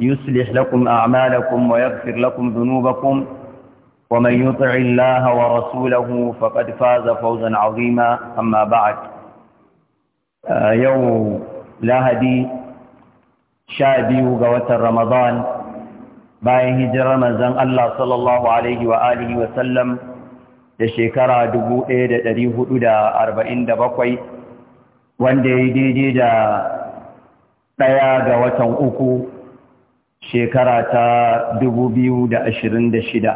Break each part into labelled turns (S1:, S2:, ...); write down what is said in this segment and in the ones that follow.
S1: يصلح لكم أعمالكم ويغفر لكم ذنوبكم ومن يطع الله ورسوله فقد فاز فوزا عظيما أما بعد يوم lahadi sha biyu ga watan Ramadan bayan hijirar manzon Allah sallallahu Alaihi wa alihi da da bakwai wanda ya daidai da ɗaya ga watan uku shekara ta shida,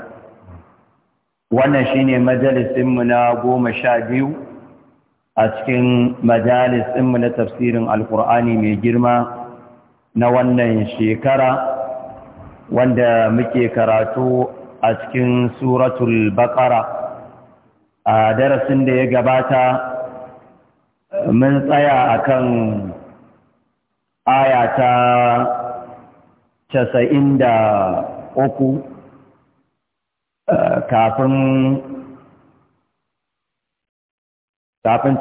S1: wannan shine majalisinmu na goma sha biyu a cikin majalisinmu na tafsirin alkur'ani mai girma na wannan shekara wanda muke karatu a cikin suratul baqara a darasin da ya gabata mun tsaya a kan ta casa'in da uku eh, kafin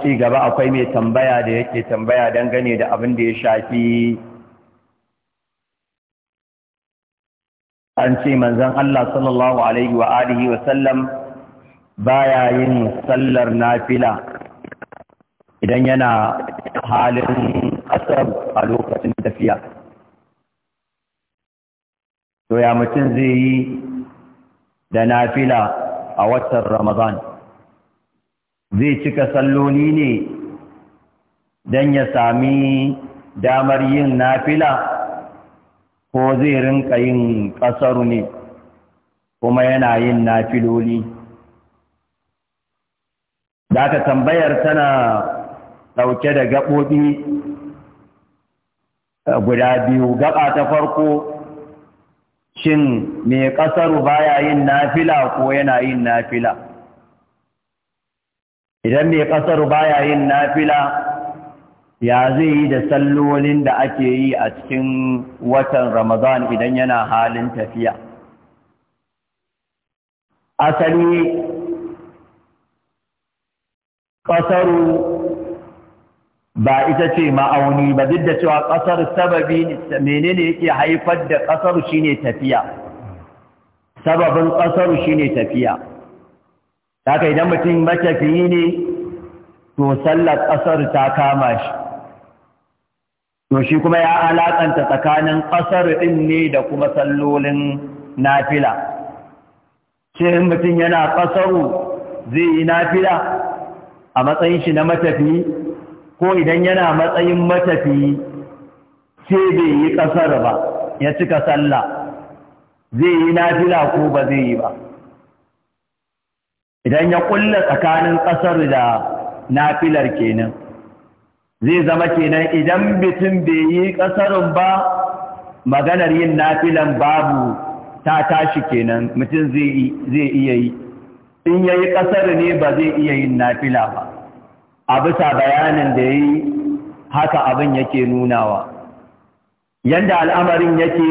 S1: ci gaba akwai mai tambaya da yake tambaya dangane da abin da ya shafi an ce manzan Allah sallallahu Alaihi wa alihi wasallam baya yin sallar nafila idan yana halin asar a lokacin tafiya. to ya mutum zai yi da nafila a watan ramadan zai cika salloli ne don ya sami damar yin nafila ko zai rinka yin ƙasaru ne kuma yana yin nafiloli da aka tambayar tana ɗauke da gaɓoɓi guda biyu gaɓa ta farko shin mai ƙasaru baya yin nafila ko yana yin nafila idan mai ƙasaru baya yin nafila ya zai yi da sallolin da ake yi a cikin watan ramadan idan yana halin tafiya
S2: asali ƙasaru
S1: ba ita ce ma'auni ba duk da cewa ƙasar sababi ne yake haifar da ƙasar ne tafiya sababin ƙasar ne tafiya haka idan mutum matafiyi ne to sallar ƙasar ta kama shi to shi kuma ya alaƙanta tsakanin ƙasar ɗin ne da kuma sallolin nafila ce in mutum yana ƙasaru zai yi nafila a matsayin shi na matafiyi ko idan yana matsayin matafiyi sai bai yi ƙasar ba ya cika sallah zai yi nafila ko ba zai yi ba idan ya ƙulla tsakanin ƙasar da nafilar kenan zai zama kenan idan bitin bai yi ƙasarun ba maganar yin nafilan babu ta tashi kenan mutum zai iya yi in ya yi ƙasar ne ba zai iya yin nafila ba a bisa bayanin da ya yi haka abin yake nunawa yanda al'amarin yake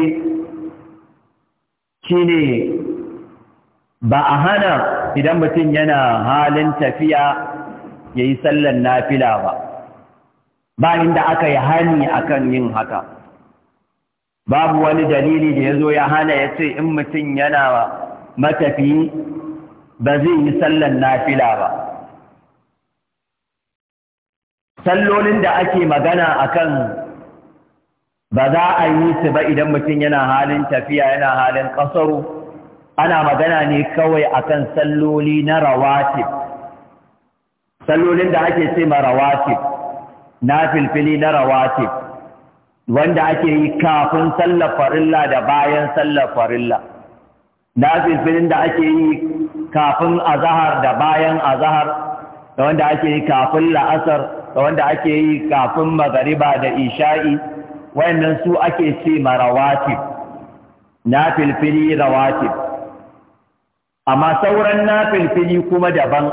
S1: ne, ba a hana idan mutum yana halin tafiya ya yi sallan nafila ba ba inda aka yi hani akan yin haka babu wani dalili da ya zo ya hana ya ce in mutum yana matafi ba zai yi sallan nafila ba sallolin da ake magana akan ba za a yi su ba idan mutum yana halin tafiya yana halin ƙasaru ana magana ne kawai akan salloli na rawatif sallolin da ake ce ma rawatif na filfili na rawatif wanda ake yi kafin sallafarilla da bayan sallafarilla na filfilin da ake yi kafin azahar da bayan azahar da wanda ake yi kafin la'asar da wanda ake yi kafin magariba da isha'i wayannan su ake ce marawatib na filfili rawatib amma sauran na filfili kuma daban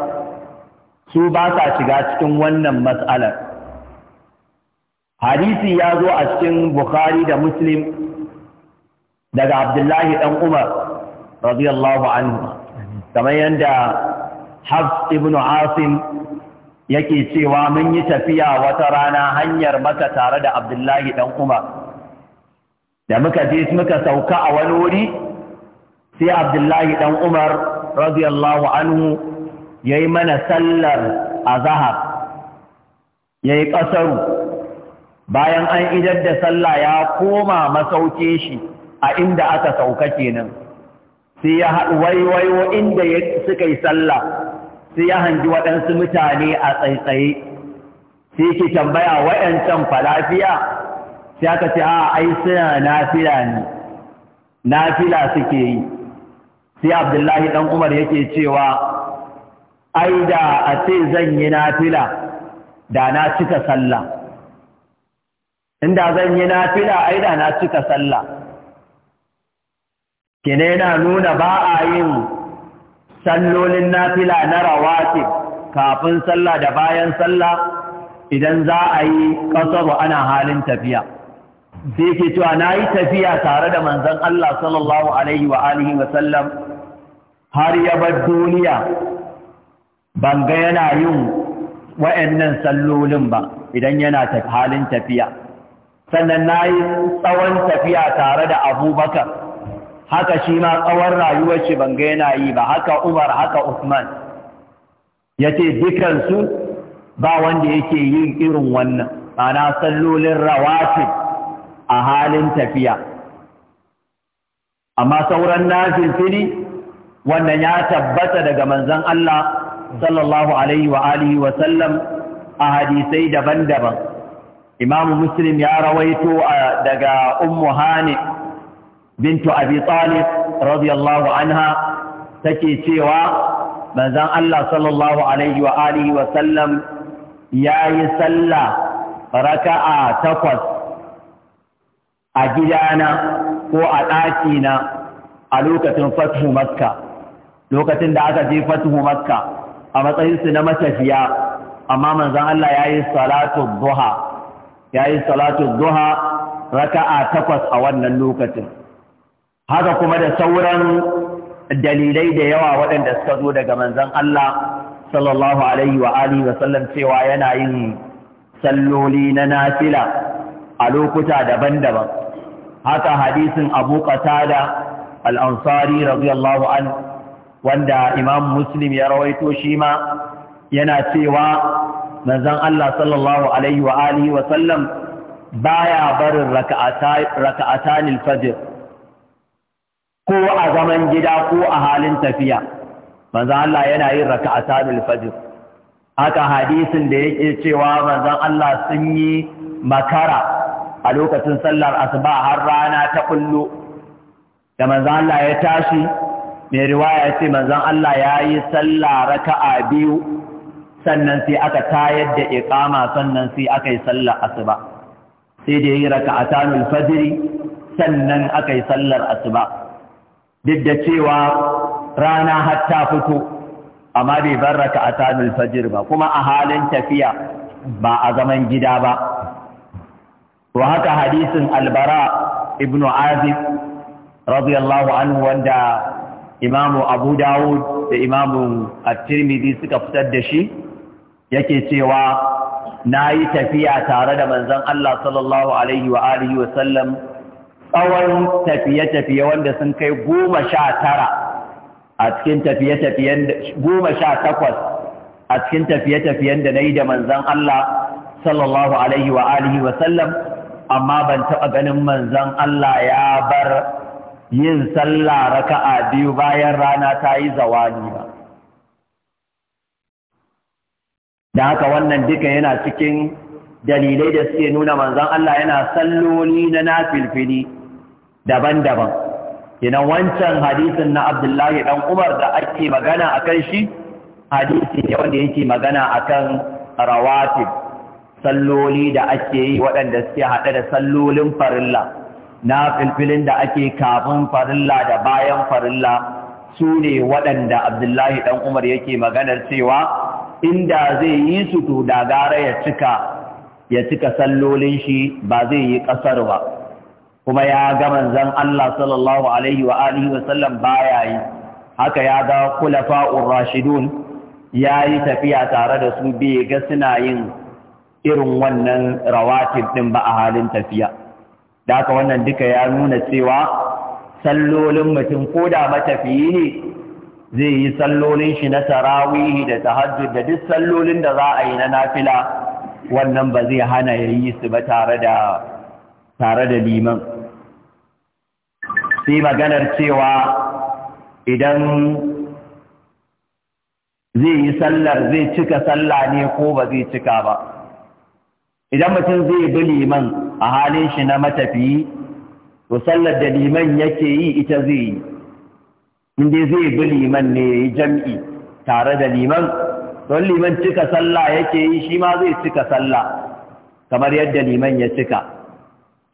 S1: su ba sa shiga cikin wannan matsalar hadisi ya zo a cikin bukhari da muslim daga abdullahi dan umar radiyallahu anhu kamar yadda hafs ibn asim yake cewa mun yi tafiya wata rana hanyar maka tare da abdullahi ɗan umar da muka je muka sauka a wani wuri sai abdullahi ɗan umar radiyallahu anhu ya yi mana sallar azahar ya yi ƙasaru bayan an idar da sallah ya koma masauke shi a inda aka sauka kenan sai ya haɗu waiwayo inda suka yi sallah sai ya hangi waɗansu mutane a tsaitsaye sai yake tambaya waɗancan falafiya sai aka ce a ai suna nafila ne nafila suke yi sai abdullahi ɗan umar yake cewa ai da a ce zan yi nafila da na cika sallah inda zan yi nafila ai da na cika sallah kine na nuna ba a yin sallolin nafila na rawatib kafin sallah da bayan sallah idan za a yi ƙasar ana halin tafiya sai ke cewa na yi tafiya tare da manzon Allah sallallahu alaihi wa alihi har ya bar duniya ban ga yana yin wa'annan sallolin ba idan yana halin tafiya sannan na yi tsawon tafiya tare da abubakar haka shi ma tsawon rayuwar shi ban ga yana yi ba haka Umar haka Usman yace dukan su ba wanda yake yin irin wannan ana sallolin rawatib a halin tafiya amma sauran nafilfili wannan ya tabbata daga manzon Allah sallallahu alaihi wa alihi wa sallam a hadisai daban-daban imamu muslim ya rawaito ah, daga ummu hani bintu abi talib radiyallahu anha take cewa manzon Allah sallallahu alaihi wa alihi wa sallam yayi sallah raka'a takwas a gidana ko a ɗakina a lokacin fatihu makka lokacin da aka je fatihu makka a matsayinsu na matafiya amma manzon Allah ya yi salatu duha ya yi salatu duha raka'a takwas a wannan lokacin haka kuma da sauran dalilai da yawa waɗanda suka zo daga manzon Allah sallallahu alaihi wa alihi wa sallam cewa yana yin salloli na nafila a lokuta daban-daban haka hadisin Abu Qatada al-Ansari radiyallahu anhu wanda Imam Muslim ya rawaito shi ma yana cewa manzan Allah sallallahu alaihi wa alihi wa sallam baya barin raka'atanil al-fajr ko a zaman gida ko a halin tafiya manzan Allah yana yin raka'atanul fajr haka hadisin da yake cewa manzan Allah sun yi makara a lokacin sallar asuba har rana ta kullu da manzan Allah ya tashi mai riwaya ya ce manzan Allah ya yi sallah raka'a biyu sannan sai aka tayar da iqama sannan sai aka yi sallar asuba sai da yi raka'atanul fajr sannan aka yi sallar asuba duk da cewa rana har ta fito amma bai barraka a tanul fajir ba kuma a halin tafiya ba a zaman gida ba to haka hadisin albara ibnu azib radiyallahu anhu wanda imamu abu dawud da imamu at-tirmidhi suka fitar da shi yake cewa na yi tafiya tare da manzon Allah sallallahu alaihi wa alihi wa sallam tsawon tafiye-tafiye wanda sun kai goma sha tara a cikin tafiye-tafiyen goma sha takwas a cikin tafiye-tafiyen da na yi da manzan Allah sallallahu alaihi wa alihi wa amma ban taɓa ganin manzan Allah ya bar yin sallah raka'a biyu bayan rana ta yi zawani ba da haka wannan duka yana cikin dalilai da suke nuna manzan Allah yana salloli na nafilfili daban-daban kenan wancan hadisin na abdullahi Ɗan umar da ake magana a shi hadisi ne wanda yake magana akan kan rawatib salloli da ake yi waɗanda suke haɗe da sallolin farilla na filfilin da ake kafin farilla da bayan farilla su ne waɗanda abdullahi Ɗan umar yake maganar cewa inda zai yi su to da gara ya cika ya cika sallolin shi ba zai yi ƙasar ba kuma ya ga manzan Allah sallallahu alaihi wa alihi wa sallam baya yi haka ya ga khulafa'ur rashidun ya yi tafiya tare da su bai ga suna yin irin wannan rawatib din ba a halin tafiya da haka wannan duka ya nuna cewa sallolin mutum ko da matafiyi ne zai yi sallolin shi na tarawihi da tahajjud da duk sallolin da za a yi na nafila wannan ba zai hana ya yi su ba tare da tare da liman sai maganar cewa idan zai yi sallar zai cika sallah ne ko ba zai cika ba idan mutum zai bi liman a halin shi na matafiyi to sallar da liman yake yi ita zai yi inda zai bi liman ne ya yi jam'i tare da liman don liman cika sallah yake yi shi ma zai cika salla kamar yadda liman ya cika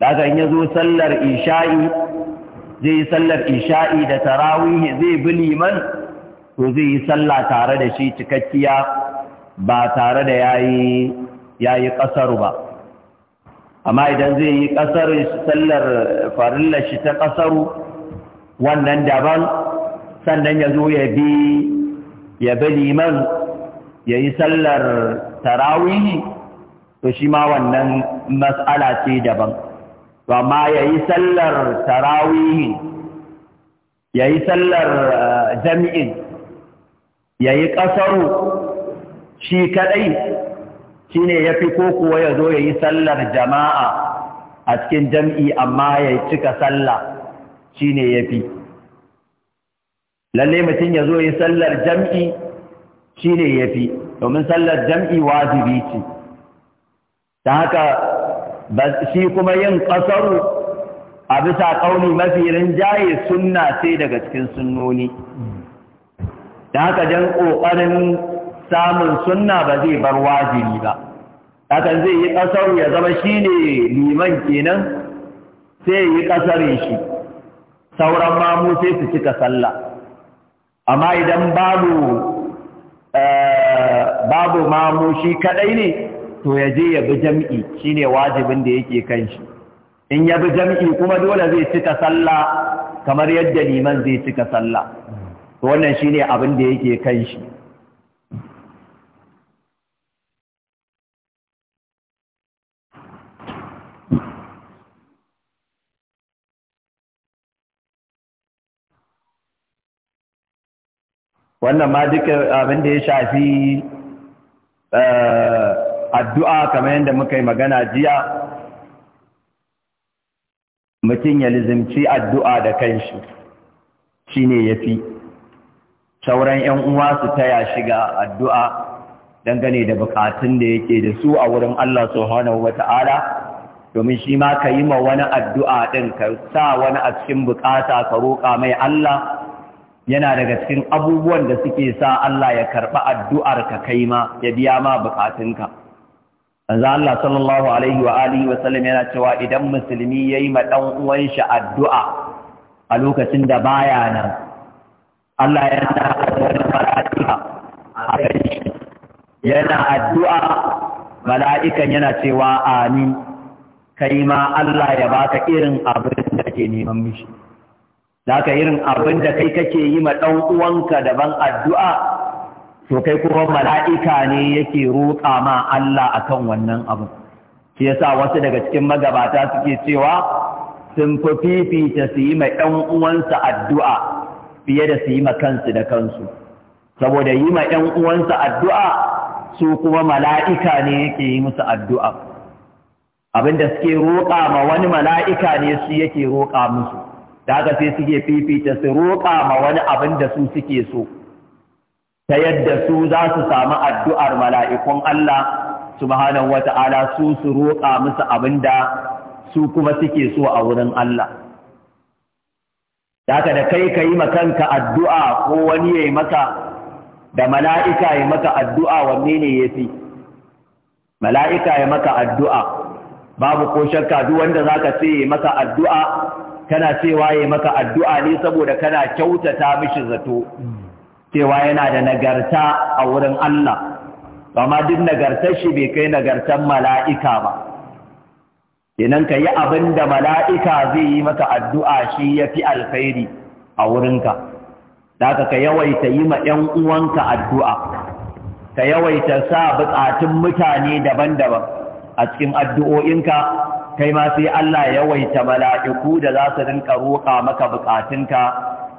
S1: daga in ya sallar isha'i zai sallar isha'i da tarawihi zai bi liman to zai yi sallah tare da shi cikakkiya ba tare da ya yi ƙasar ba amma idan zai yi ƙasar sallar farillar shi ta ƙasaru wannan daban sannan yazo zo ya bi ya bi liman ya yi sallar tarawihi to shi ma wannan matsala ce daban ba ma ya yi sallar tarawihin ya yi sallar eh, jami'in ya yi ƙasaru shi kaɗai shi ne ya fi ko kuwa ya zo ya yi sallar jama'a a cikin jam'i amma ya cika sallah shi ne ya fi lalle mutum ya zo ya yi sallar jam'i shi ne ya fi domin sallar jam'i wajibi ce ta haka shi kuma yin ƙasaru a bisa ƙauni mafi rinjaye sunna sai daga cikin sunnoni da haka jan ƙoƙarin samun sunna ba zai bar wajibi ba hakan zai yi ƙasaru ya zama shi ne liman kenan sai yi ƙasarin shi sauran mamu sai su cika sallah amma idan babu eh, babu mamu shi kaɗai ne to ya je ya bi jam'i shine wajibin da yake kan shi in ya bi jam'i kuma dole zai cika sallah kamar yadda liman zai cika sallah to wannan shine abin da yake kan shi wannan ma duka abin da ya shafi eh, addu'a kamar yadda muka yi magana jiya mutum ya lizimci addu'a da kanshi shi ne ya fi sauran ‘yan uwa su taya shiga addu'a dangane da bukatun da yake da su a wurin Allah Subhanahu wa ta'ala domin shi ma ka yi ma wani addu'a ɗin ka sa wani a cikin bukata ka roƙa mai Allah yana daga cikin abubuwan da suke sa Allah ya karɓi addu'ar ka kai ma ya biya ma bukatunka. Anza Allah sallallahu alaihi wa alihi wa sallam yana cewa idan musulmi yayi ma dan uwan shi addu'a a lokacin da baya nan Allah yana addu'a mala'ika a kai yana addu'a mala'ikan yana cewa amin kai ma Allah ya baka irin abin da kake neman mishi ka irin abin da kai kake yi ma dan uwanka daban addu'a to kai kuma mala'ika ne yake roƙa ma Allah akan wannan abu shi yasa wasu daga cikin magabata suke cewa sun fi fifita su yi ma ɗan uwansa addu'a fiye da su yi ma kansu da kansu saboda yi ma ɗan uwansa addu'a su kuma mala'ika ne yake yi musu addu'a abinda suke roƙa ma wani mala'ika ne su yake roƙa musu da haka sai suke fifita su roƙa ma wani abin da su suke so ta yadda su za su samu addu'ar mala'ikun Allah subhanahu wa ta'ala su su roƙa musu abin da su kuma suke so a wurin Allah. Daka da kai ka yi makanka addu'a ko wani ya yi maka da mala'ika ya maka addu'a wanne ne ya fi? Mala'ika ya maka addu'a, babu ko shakka duk wanda za ka ce ya maka addu'a, kana cewa ya maka addu'a ne saboda kana kyautata mishi zato. cewa yana da nagarta a wurin Allah amma duk nagartar shi bai kai nagartar mala'ika ba kenan ka yi abin da mala'ika zai yi maka addu'a shi ya fi alkhairi a wurinka da aka ka yawaita yi ma ‘yan uwanka addu'a ka yawaita sa bukatun mutane daban-daban a cikin addu'o'inka kai ma sai Allah yawaita mala'iku da za su rinka roƙa maka buƙatunka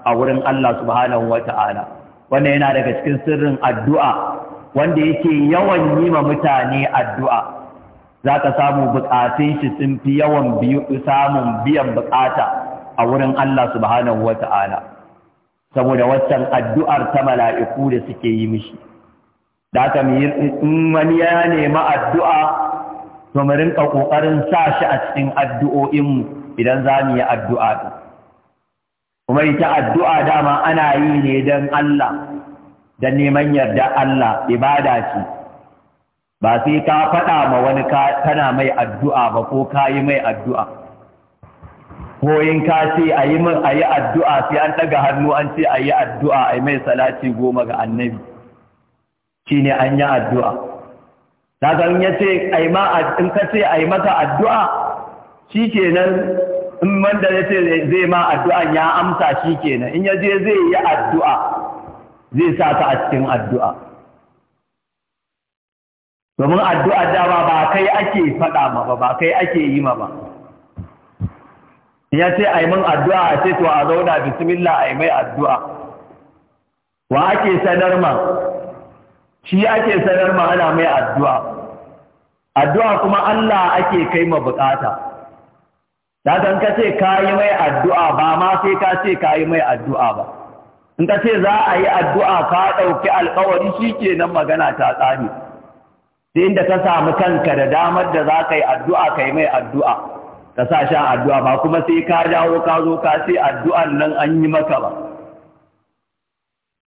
S1: a wurin Allah subhanahu wa ta'ala. wannan yana daga cikin sirrin addu'a wanda yake yawan yi ma mutane addu'a za ka samu buƙatun shi sun fi yawan samun biyan bukata a wurin Allah subhanahu wa ta'ala saboda wancan addu'ar ta mala'iku da suke yi mishi da aka in wani ya nema addu'a to mu rinka ƙoƙarin sa shi a cikin addu'o'inmu idan za mu yi addu'a kuma ita addu'a dama ana yi ne don Allah don neman yarda Allah ibada ce ba sai ka faɗa ma wani kana mai addu'a ba ko ka yi mai addu'a ko yin ka ce a yi addu'a sai an ɗaga hannu an ce a yi addu'a a yi mai salati goma ga annabi shi ne an yi addu'a ta zan ya ce in ka ce a yi maka addu'a shi kenan in wanda ya ce zai ma addu'an ya amsa shi kenan in ya je zai yi addu'a zai sa ta a cikin addu'a domin addu'a dama ba kai ake faɗa ma ba ba kai ake yi ma ba ya ce a yi min addu'a a ce to a zauna bismillah a yi mai addu'a wa ake sanar ma shi ake sanar ma ana mai addu'a addu'a kuma Allah ake kai ma bukata da ka ka ce ka yi mai addu'a ba ma sai ka ce ka yi mai addu'a ba in ka ce za a yi addu'a ka ɗauki alkawari shi ke nan magana ta tsari sai inda ka samu kanka da damar da za ka yi addu'a ka yi mai addu'a ka sa shan addu'a ba kuma sai ka dawo ka zo ka ce addu'an nan an yi maka ba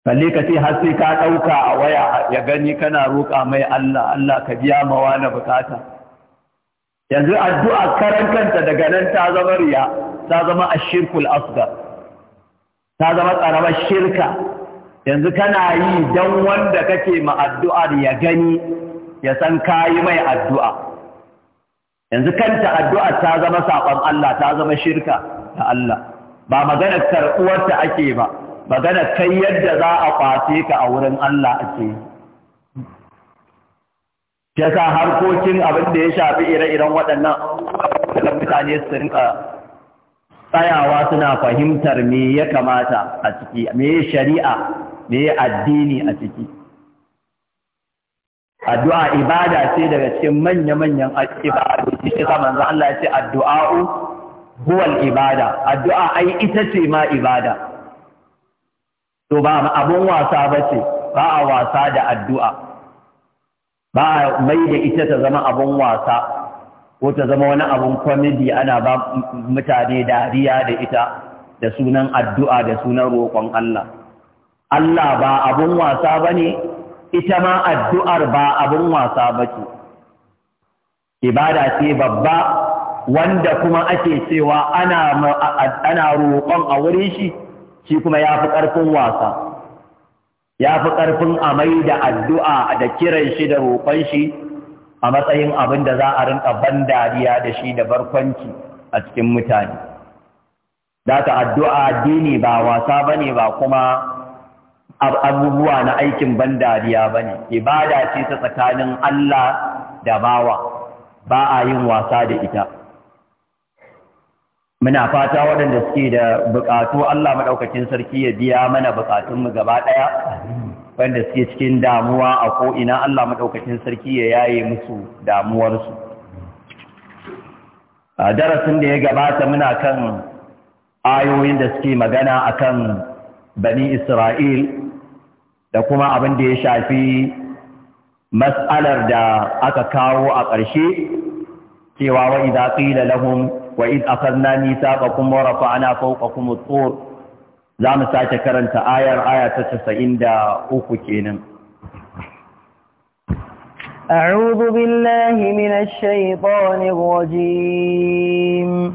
S1: kalle ka ce har sai ka ɗauka a waya ya gani kana roƙa mai Allah Allah ka biya mawa na bukata yanzu addu'a karan daga nan ta zama riya ta zama ashirkul asgar ta zama karamar shirka yanzu kana yi don wanda kake ma addu'ar ya gani ya san kayi mai addu'a yanzu kanta addu'a ta zama saƙon Allah ta zama shirka ta Allah ba magana karɓuwarta ake ba magana kai yadda za a kwace ka a wurin Allah ake yi ya harkokin abin da ya shafi ire-iren waɗannan da mutane su rinka tsayawa suna fahimtar me ya kamata a ciki me shari'a me addini a ciki addu'a ibada ce daga cikin manya-manyan ibadoci shi sa manzo Allah ya ce addu'a'u huwal ibada addu'a ai ita ce ma ibada to ba abun wasa bace ba a wasa da addu'a ba mai da ita ta zama abun wasa ko ta zama wani abun kwamidi ana ba mutane dariya da ita da sunan addu'a da sunan roƙon Allah. Allah ba abun wasa ba ne, ita ma addu'ar ba abun wasa ba ce. Ibada ce babba wanda kuma ake cewa ana roƙon a wurin shi, shi kuma ya fi ƙarfin wasa. ya fi ƙarfin a mai da addu'a da kiran shi da roƙon shi a matsayin abin da za a rinka ban dariya da shi da barkwanci a cikin mutane. Data addu'a addini ba wasa ba ne ba kuma abubuwa na aikin ban dariya ba ne, ibada ce ta tsakanin Allah da bawa, ba a yin wasa da ita. muna fata waɗanda suke da buƙatu Allah maɗaukacin sarki ya biya mana buƙatunmu gaba ɗaya wanda suke cikin damuwa a ko'ina Allah maɗaukacin sarki ya yaye musu damuwarsu a darasin da ya gabata muna kan ayoyin da suke magana a kan bani Isra'il da kuma abin da ya shafi mas'alar da aka kawo a ƙarshe cewa wa'iza ƙila lahun wa id akhadna mithaqakum wa rafa'na fawqakum at-tur zamu sake karanta ayar aya ta 93 kenan a'udhu billahi minash shaitanir rajim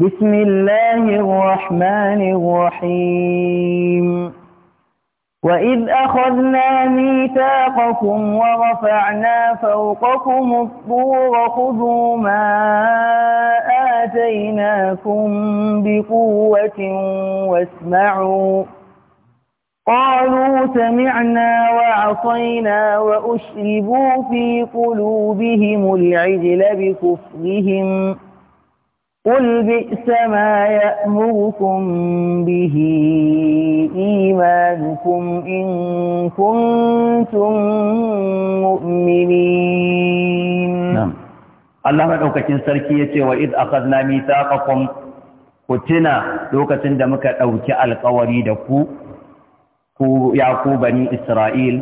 S1: bismillahir rahmanir وَإِذْ أَخَذْنَا مِيثَاقَكُمْ وَرَفَعْنَا فَوْقَكُمُ الطُّورَ خُذُوا مَا آتَيْنَاكُمْ بِقُوَّةٍ وَاسْمَعُوا قالوا سمعنا وعصينا وأشربوا في قلوبهم العجل بكفرهم قل بئس ما
S2: يأمركم به إيمانكم إن كنتم مؤمنين نعم
S1: الله مدوكاكين سركي سركية وإذ أخذنا ميثاقكم كتنا لوكتن دمك أوكي القوري دكو يعقوب بني إسرائيل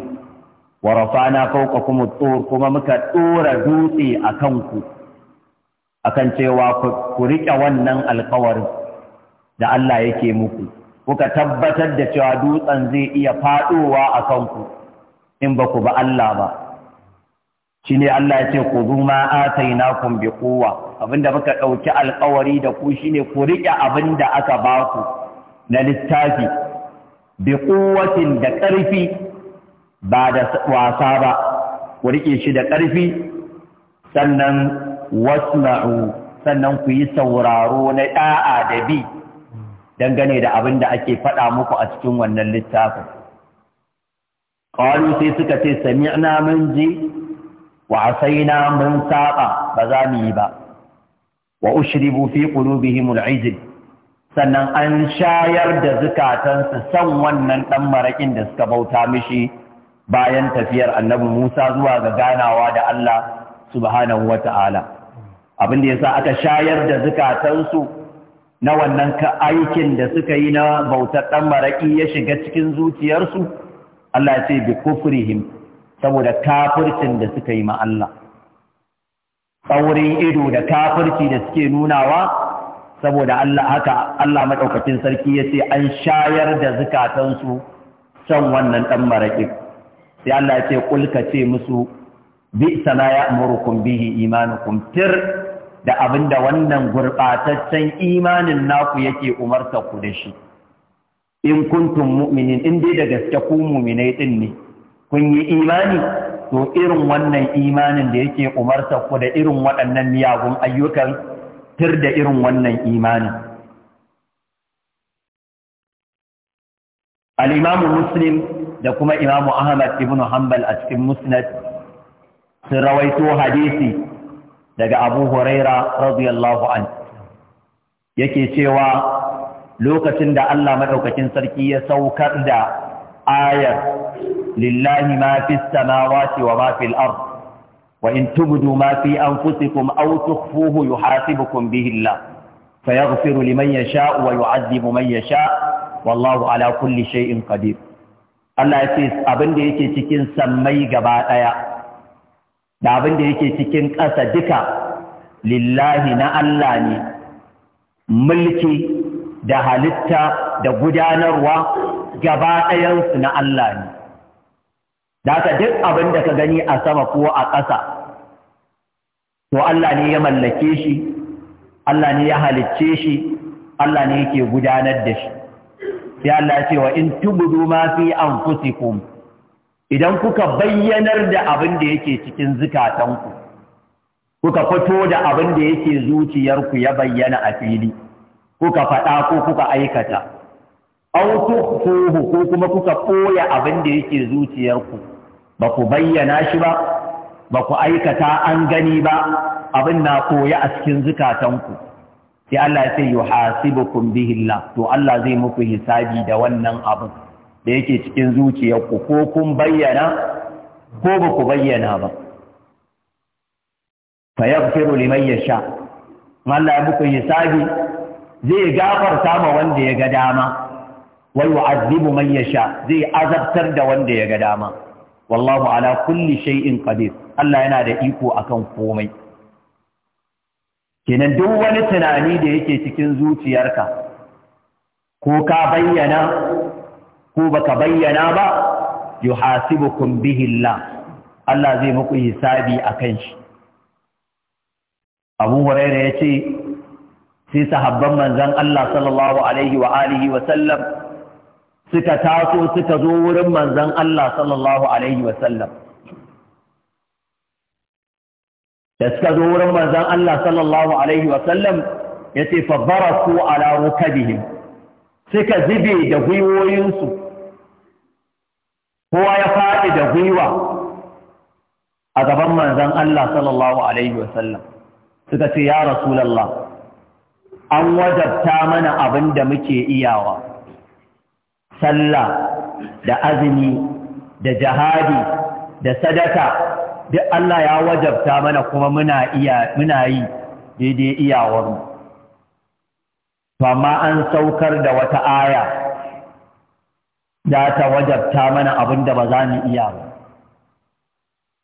S1: ورفعنا فوقكم الطور كما مكا طور دوسي أكنكو akan cewa ku riƙe wannan alkawarin da Allah yake muku kuka tabbatar da cewa dutsen zai iya faɗowa a kanku in ba ku ba Allah ba shi ne Allah ya ce ku zuma atainakum bi kowa, abinda muka ɗauki alkawari da ku shi ne ku riƙe abin da aka ba ku na littafi bi kowacin da ƙarfi ba da wasa ba ku riƙe shi da ƙarfi sannan wasma'u sannan ku yi sauraro na da'a da bi dangane da abin da ake faɗa muku a cikin wannan littafin qalu sai suka ce sami'na mun ji wa asaina mun saba ba za mu yi ba wa ushribu fi qulubihim al'ijl sannan an shayar da zukatansu san wannan dan maraƙin da suka bauta mishi bayan tafiyar annabi Musa zuwa ga ganawa da Allah subhanahu wata'ala abin da sa aka shayar da zukatansu na wannan aikin da suka yi na bautar dan maraki ya shiga cikin zuciyarsu Allah ce bi kufrihim saboda kafircin da suka yi ma tsaurin ido da kafirci da suke nunawa saboda Allah haka Allah madaukakin sarki ya ce an shayar da zukatansu son wannan dan maraƙi sai Allah ce kulka ce musu bi'sa ya ya'murukum bihi imanukum tir da abinda wannan gurbataccen imanin naku yake umarta ku da shi in kuntum mu'minin in dai da gaske ku mu'minai din ne kun yi imani to irin wannan imanin da yake umarta ku da irin waɗannan miyagun ayyukan tir da irin wannan imanin al-imamu muslim da kuma imamu ahmad ibn hanbal a cikin musnad sun rawaito hadisi daga abu huraira radiyallahu an yake cewa lokacin da Allah maɗaukakin sarki ya saukar da ayar lillahi ma fi samawati wa ma fi al wa in tubdu ma fi anfusikum aw tukhfuhu yuhasibukum bihi Allah fayaghfiru liman yasha wa yu'adhibu man sha. wallahu ala kulli shay'in qadir Allah ya ce abin da yake cikin sammai gaba ɗaya. da abin da yake cikin ƙasa duka lillahi na Allah ne mulki da halitta da gudanarwa gaba ɗayansu na Allah ne da duk abin da ka gani a sama ko a ƙasa to Allah ne ya mallake shi Allah ne ya halicce shi Allah ne yake gudanar da shi sai Allah ce wa in tubudu ma fi kuma. idan kuka bayyanar da abin da yake cikin zukatanku kuka fito da abin da yake zuciyarku ya bayyana a fili kuka faɗa ko kuka aikata autu tukhfuhu ko kuma kuka koya abin da yake zuciyarku ba ku bayyana shi ba ba ku aikata an gani ba abin na koya a cikin zukatanku sai Allah ya ce yuhasibukum bihi Allah to Allah zai muku hisabi da wannan abin da yake cikin zuciyarku ko kun bayyana ko ba ku bayyana ba fa yaghfiru liman yasha Allah ya muku hisabi zai gafarta ma wanda ya ga dama wa yu'adhibu man sha zai azabtar da wanda ya ga dama wallahu ala kulli shay'in qadir Allah yana da iko akan komai kenan duk wani tunani da yake cikin zuciyarka ko ka bayyana ko baka bayyana ba yuhasibukum bihi Allah Allah zai muku hisabi akan shi Abu Hurairah yace sai sahabban manzon Allah sallallahu alaihi wa alihi wa sallam suka taso suka zo wurin manzon Allah sallallahu alaihi wa sallam da suka zo wurin manzon Allah sallallahu alaihi wa sallam yace fa barasu ala rukabihim suka zube da gwiwoyinsu kowa ya faɗi da gwiwa a gaban manzan Allah sallallahu alaihi wasallam suka ce ya rasulallah an wajabta mana abin da muke iyawa sallah da azumi da jihadi da sadaka duk Allah ya wajabta mana kuma muna muna yi daidai iyawarmu to amma an saukar da wata aya Ya ta wajabta mana abin da ba za mu iya ba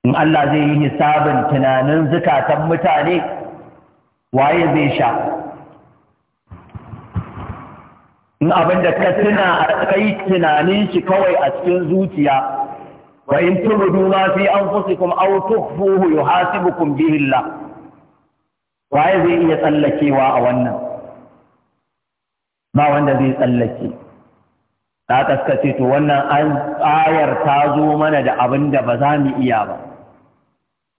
S1: in Allah zai yi hisabin tunanin zukatan mutane waye zai sha in abin da ka tuna a kai tunanin shi kawai a cikin zuciya wa in tubudu ma fi anfusikum aw tukhfuhu yuhasibukum bihi Allah waye zai iya tsallakewa a wannan ba wanda zai tsallake ta ce to wannan an ayar ta zo mana da abin da ba za mu iya ba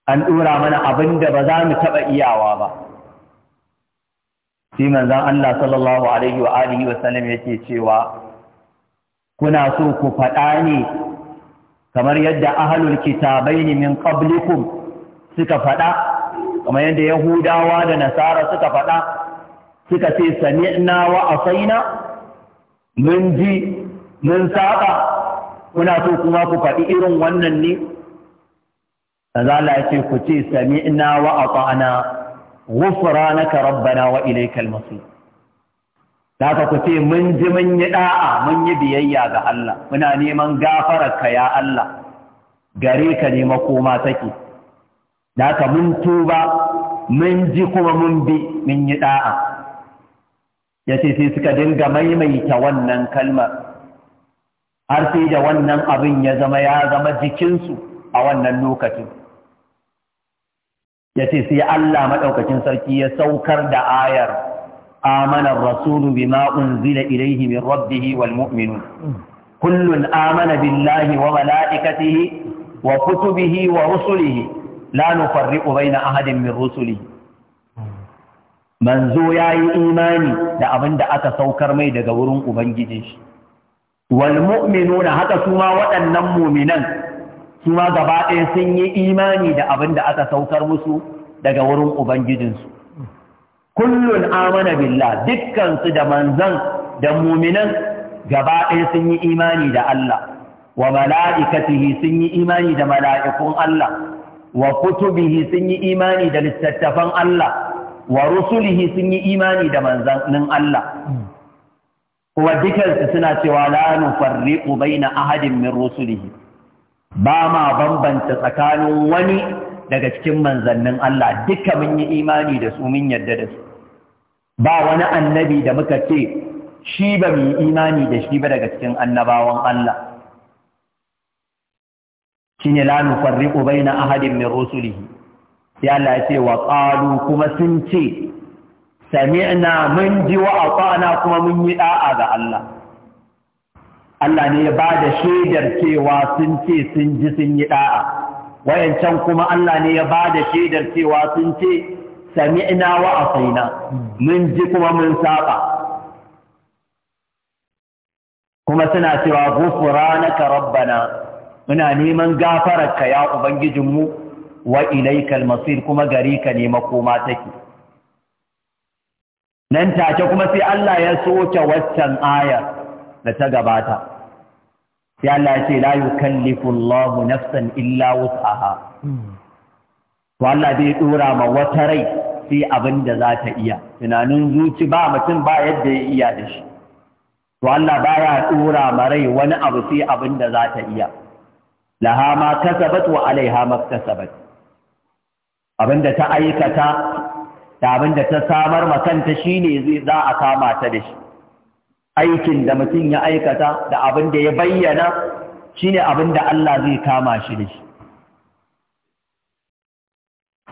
S1: an dora mana abin da ba za mu taɓa iyawa ba sai manzon Allah sallallahu alaihi wa alihi wa sallam yake cewa kuna so ku faɗa ne kamar yadda ahlul kitabaini min qablikum suka faɗa kamar yadda yahudawa da nasara suka faɗa suka ce sami'na wa asaina mun ji mun saba kuna so kuma ku faɗi irin wannan ne kaza Allah ya ce ku ce sami'na wa ata'na ghufranaka rabbana wa ilaykal masir ka ku ce mun ji mun yi da'a mun yi biyayya ga Allah muna neman gafararka ya Allah gare ka ne makoma take ka mun tuba mun ji kuma mun bi mun yi da'a yace sai suka dinga maimaita wannan kalmar har sai da wannan abin ya zama ya zama jikinsu a wannan lokacin ya ce sai Allah maɗaukacin sarki ya saukar da ayar amanar rasulu ma'un unzila ilaihi min rabbihi wal mu'minun kullun amana billahi wa mala'ikatihi wa kutubihi wa rusulihi la nufarriqu baina ahadin min rusulihi manzo yayi imani da abin da aka saukar mai daga wurin ubangijin wal mu'minuna haka su ma waɗannan muminan su ma gaba ɗaya sun yi imani da abin da aka saukar musu daga wurin ubangijinsu kullun amana billah dukkan su da manzan da muminan gaba ɗaya sun yi imani da Allah wa mala'ikatihi sun yi imani da mala'ikun Allah wa kutubihi sun yi imani da littattafan Allah wa rusulihi sun yi imani da manzannin Allah kuma dukansu suna cewa la nufarriqu baina ahadin min rusulihi ba ma bambanta tsakanin wani daga cikin manzannin Allah duka mun yi imani da su mun yarda da su ba wani annabi da muka ce shi ba mu yi imani da shi ba daga cikin annabawan Allah shine la nufarriqu baina ahadin min rusulihi ya Allah ya ce wa qalu kuma sun ce sami'na mun ji wa ata'na kuma mun yi da'a ga Allah Allah ne ya bada shaidar cewa sun ce sun ji sun yi da'a wayancan kuma Allah ne ya bada shaidar cewa sun ce sami'na wa na mun ji kuma mun saba kuma suna cewa ghufranaka rabbana muna neman gafararka ya ubangijinmu wa ilaikal masir kuma gari ka ne makoma take nan take kuma sai Allah ya soke waccan ayar da ta gabata sai Allah ya ce la yukallifu Allahu nafsan illa wus'aha to Allah bai dora ma wata rai sai abin da za ta iya tunanin zuci ba mutum ba yadda ya iya da shi to Allah baya dora ma rai wani abu sai abin da za ta iya laha ma kasabat wa alaiha ma kasabat da ta aikata da abin da ta samar ma kanta shi ne za a kama ta da shi aikin da mutum ya aikata da abin da ya bayyana shi ne abin da Allah zai kama shi da shi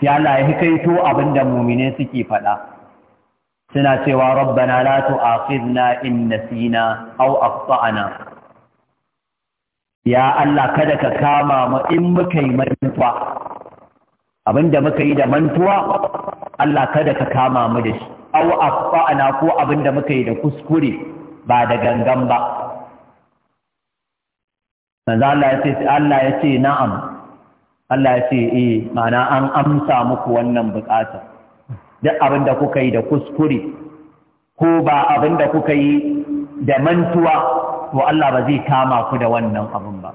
S1: ya lahi kaito abin da mumine suke faɗa suna cewa rabbana la tu'akhidna in nasina aw akhtana ya Allah kada ka kama mu in muka yi mantuwa abin da muka yi da mantuwa Allah kada ka kama mu da shi aw afa'ana ko abin da muka yi da kuskure ba da gangan ba manzo Allah ya ce Allah ya ce na'am Allah ya ce eh ma'ana an amsa muku wannan bukata duk abinda kuka yi da kuskure ko ba abinda kuka yi da mantuwa to Allah ba zai kama ku da wannan abin ba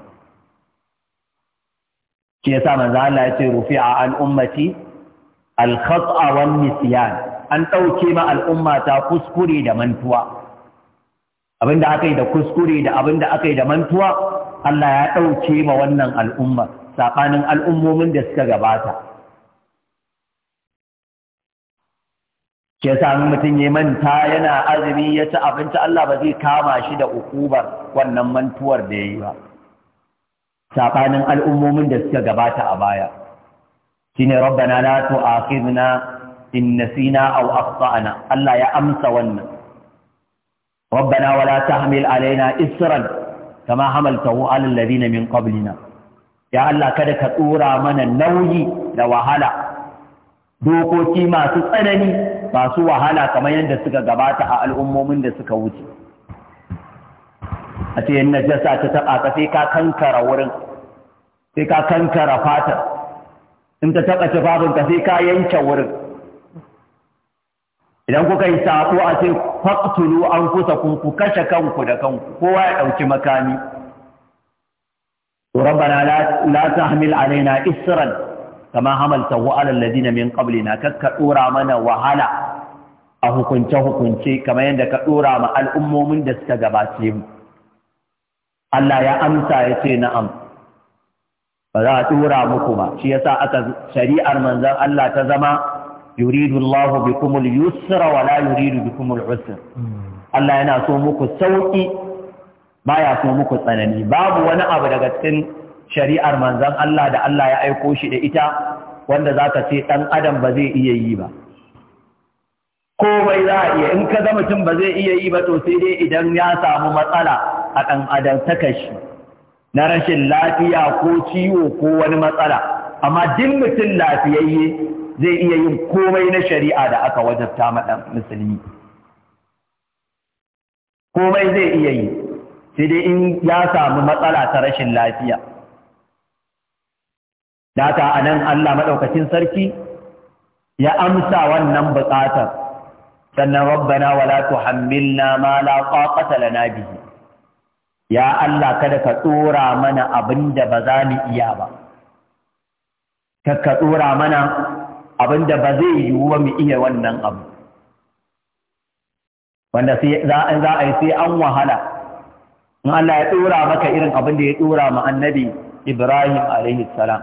S1: shi yasa manzo Allah ya ce rufi'a al ummati alkhata wan nisyan an ɗauke ma al'umma ta kuskure da mantuwa abinda aka yi da kuskure da abinda aka yi da mantuwa Allah ya ɗauke ma wannan al'umma saɓanin al'ummomin da suka gabata ke sami mutum ya manta yana azumi ya ci abinci Allah ba zai kama shi da ukubar wannan mantuwar da ya yi ba saɓanin al'ummomin da suka gabata a baya shine rabbana la tu'akhidna in nasina aw akhtana Allah ya amsa wannan rabbana wala tahmil alaina isran kama hamaltahu ala alladhina min qablina ya Allah kada ka tsora mana nauyi da wahala dokoki masu tsanani masu wahala kamar yadda suka gabata a al'ummomin da suka wuce a ce yin najasa ta taɓa ka sai ka kankara wurin sai ka kankara fatar in ta taɓa ka sai ka yanke wurin idan kuka yi saɓo a sai faktulu an kusa ku kashe kanku da kanku kowa ya ɗauki makami na ربنا لا لا تحمل علينا إسرا كما حملته على الذين kar ka ɗora mana wahala a hukunce-hukunce kamar yadda ka ɗora ma al'ummomin da suka gabace mu.
S2: Allah ya amsa ya
S1: ce na'am, ba za a tura muku ba shi yasa aka shari'ar manzan Allah ta zama yuridu Allahu bikumul yusra wa la yuridu bikumul usra hmm. Allah yana so muku sauki baya so muku tsanani babu wani abu daga cikin shari'ar manzan Allah da Allah ya aiko shi da ita wanda zaka ce ɗan adam ba zai iya yi ba komai za a iya in ka zama mutum ba zai iya yi ba to sai dai idan ya samu matsala a ɗan adam ta kashi na rashin lafiya ko ciwo ko wani matsala amma duk mutum lafiyayye zai iya yin komai na shari'a da aka wajabta maɗan musulmi komai zai iya yi sai dai in ya samu matsala ta rashin lafiya data a nan Allah maɗaukacin sarki ya amsa wannan buƙatar sannan rabbana wala tuhammilna ma la taqata lana bihi ya Allah kada ka tsora mana abin da ba za mu iya ba kada ka tsora mana abin da ba zai yiwu ba mu iya wannan abu wanda sai za a yi sai an wahala in Allah ya tsora maka irin abin da ya tsora ma annabi Ibrahim alaihi salam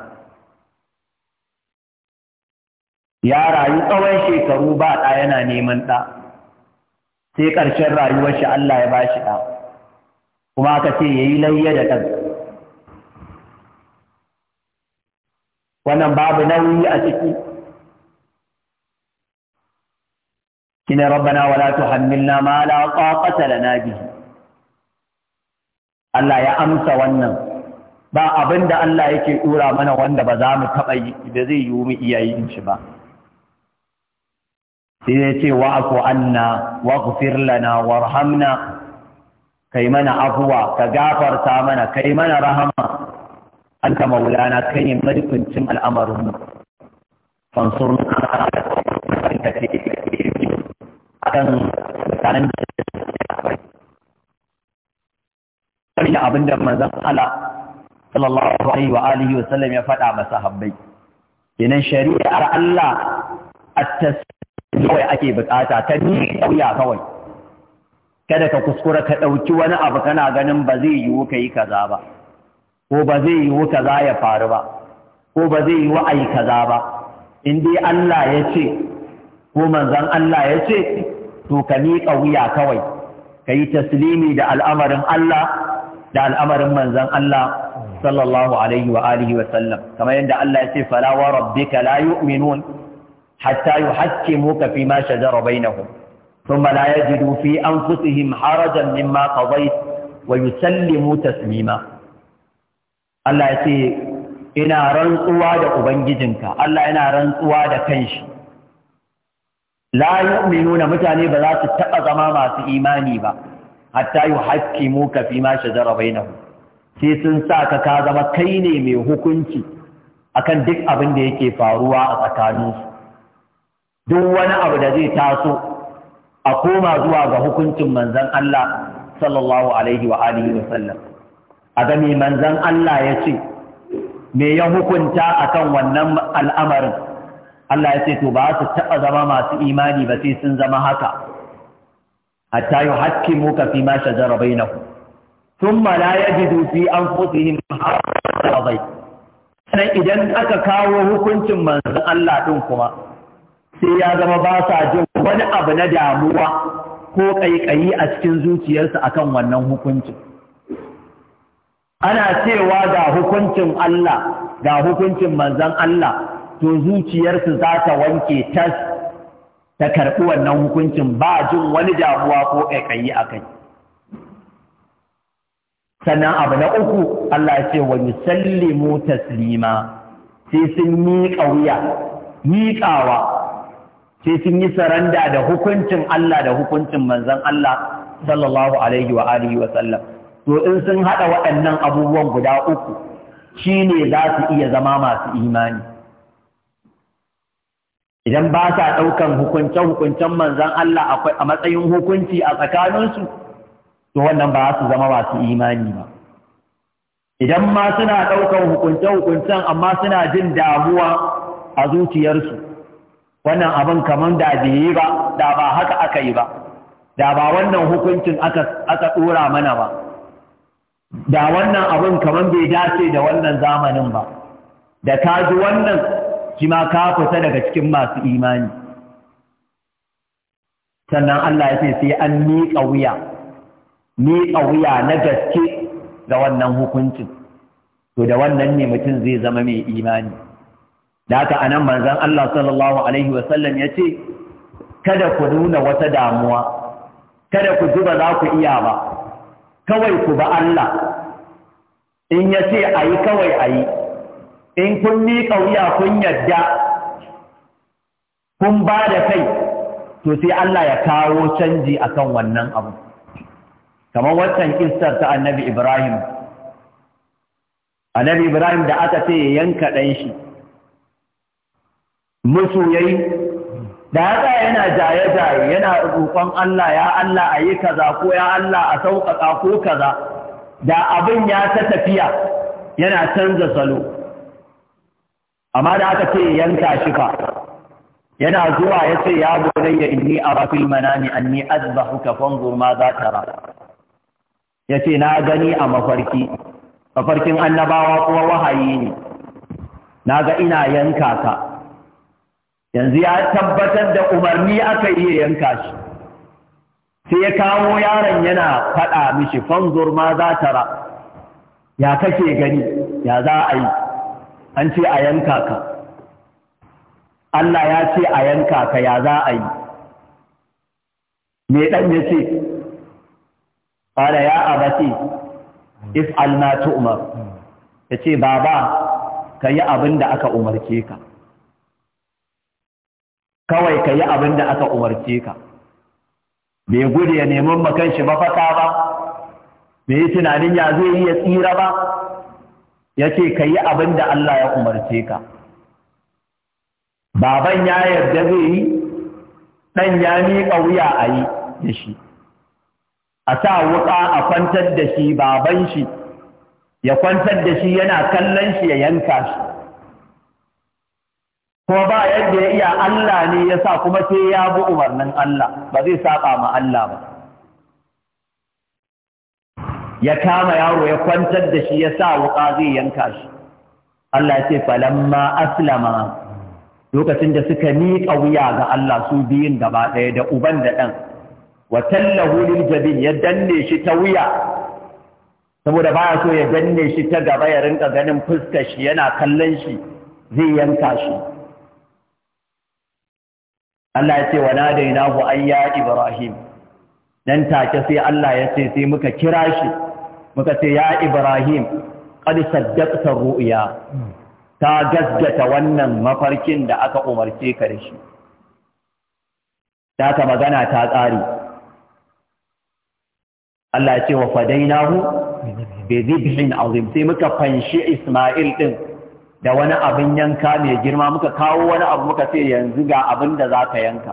S1: ya rayu tsawon shekaru ba ɗa yana neman ɗa sai ƙarshen rayuwar shi Allah ya ba shi ɗa kuma aka ce ya yi layya da kan wannan babu nauyi a ciki shine rabbana wala tuhammilna ma la taqata lana bihi Allah ya amsa wannan ba abinda Allah yake dora mana wanda ba za mu taba yi da zai yi mu iyayen shi ba sai ya ce wa aku anna waghfir lana warhamna kai mana afuwa ka gafarta mana kai mana rahama anta maulana kai ne madukuncin al'amarin mu fansur akan mutanen da yi abin da manzon ala sallallahu alaihi wa alihi wa sallam ya faɗa masa habbai kenan shari'ar Allah at-tasbiya ake bukata ta ni kawai kada ka kuskura ka ɗauki wani abu kana ganin ba zai yiwu ka yi kaza ba ko ba zai yiwu kaza ya faru ba ko ba zai yiwu a yi kaza ba in dai Allah ya ce ko manzon Allah ya ce to ka miƙa wuya kawai ka yi taslimi da al'amarin Allah da al'amarin manzon Allah sallallahu alaihi wa alihi wa sallam kamar yadda Allah ya ce fala wa rabbika la yu'minun hatta yuhaqqimuka fi ma shajara bainahum ثم لا يجدوا في أنفسهم حرجا مما قضيت ويسلموا تسليما الله يتي ina rantsuwa da ubangijinka Allah yana rantsuwa da kanshi la nuna mutane ba za su taba zama masu imani ba hatta yuhaqqimu ka fi ma shajara bainahu sai sun sa ka ka zama kai ne mai hukunci akan duk abin da yake faruwa a tsakaninsu duk wani abu da zai taso a koma zuwa ga hukuncin manzan Allah sallallahu alaihi wa alihi wa sallam a gami manzan Allah ya ce me ya hukunta akan wannan al'amarin Allah ya ce to ba su taɓa zama masu imani ba sai sun zama haka hatta yuhaqqimuka fi ma shajara ya ji la an fi anfusihim harajan sannan idan aka kawo hukuncin manzan Allah ɗin kuma sai ya zama ba sa jin wani abu na damuwa ko ƙaiƙayi a cikin zuciyarsa akan wannan hukuncin ana cewa ga hukuncin Allah ga hukuncin manzan Allah to zuciyarsu za ta wanke tas ta karɓi wannan hukuncin ba jin wani damuwa ko ƙaiƙayi a kai sannan abu na uku Allah ya ce wa sallimu taslima sai sun miƙa wuya miƙawa sai sun yi saranda da hukuncin Allah da hukuncin manzan Allah sallallahu alaihi wa alihi wa sallam to in sun haɗa waɗannan abubuwan guda uku shi ne za su iya zama masu imani idan ba sa ɗaukan hukuncen hukuncen manzan Allah akwai a matsayin hukunci a tsakaninsu to wannan ba su zama masu imani ba idan ma suna ɗaukan hukuncen hukuncen amma suna jin damuwa a zuciyarsu wannan abin kamar da bai yi ba da ba haka aka yi ba da ba wannan hukuncin aka ɗora mana ba da wannan abin kamar bai dace da wannan zamanin ba da ka ji wannan kima ka fita daga cikin masu imani sannan Allah ya ce sai an miƙa wuya miƙa wuya na gaske ga wannan hukuncin to da wannan ne mutum zai zama mai imani da haka anan manzon Allah sallallahu alaihi wa sallam yace kada ku nuna wata damuwa kada ku ji ba za ku iya ba kawai ku ba Allah in yace ayi kawai ayi in kun miƙa wuya kun yadda kun ba da kai to sai Allah ya kawo canji akan wannan abu kamar wancan kistar ta annabi Ibrahim annabi Ibrahim da aka ce ya yanka ɗan shi musu yayi da haka yana jaye-jaye yana roƙon Allah ya Allah a yi kaza ko ya Allah a sauƙaƙa ko kaza da abin ya ta tafiya yana canza salo amma da aka ce yanka shi fa yana zuwa ya ce ya ya inni ara an manami azba huka fango ma za ta ra. Ya ce na gani a mafarki mafarkin annabawa kuma wahayi ne Na ga ina yanka ka yanzu ya tabbatar da umarni aka yi yanka shi sai ya kawo yaron yana faɗa mishi fanzur ma za ta ra ya kake gani ya za a yi an ce a yanka ka Allah ya ce a yanka ka ya za a yi me ɗan ya ce ƙwada ya abati if na tu'mar ya ce ba ka yi abin da aka umarce ka kawai ka yi abin da aka umarce ka bai gudu ya neman makan shi mafaka ba bai yi tunanin ya zai yi ya tsira ba ya ce ka yi abin da Allah ya umarce ka baban ya yarda zai yi ɗan ya miƙa wuya a yi da shi a sa wuƙa a kwantar da shi baban shi ya kwantar da shi yana kallon shi ya yanka shi ko ba yadda ya iya Allah ne ya sa kuma sai ya bi umarnin Allah ba zai saba ma Allah ba ya kama yaro ya kwantar da shi ya sa wuƙa zai yanka shi Allah ya ce falamma aslama lokacin da suka miƙa wuya ga Allah su biyun gaba ɗaya da uban da ɗan wa tallahu lil jabin ya danne shi ta wuya saboda baya so ya danne shi ta gaba ya rinka ganin fuskar shi yana kallon shi zai yanka shi Allah ya ce wa nadainahu ayya Ibrahim nan take sai Allah ya ce sai muka kira shi muka ce ya Ibrahim qad saddaqta ru'ya ta gaskata wannan mafarkin da aka umarce ka da shi ta magana ta tsari Allah ya ce wa fadainahu bi dhibhin azim sai muka fanshi Isma'il din da wani abin yanka mai girma muka kawo wani abu muka ce yanzu ga abin da za ka yanka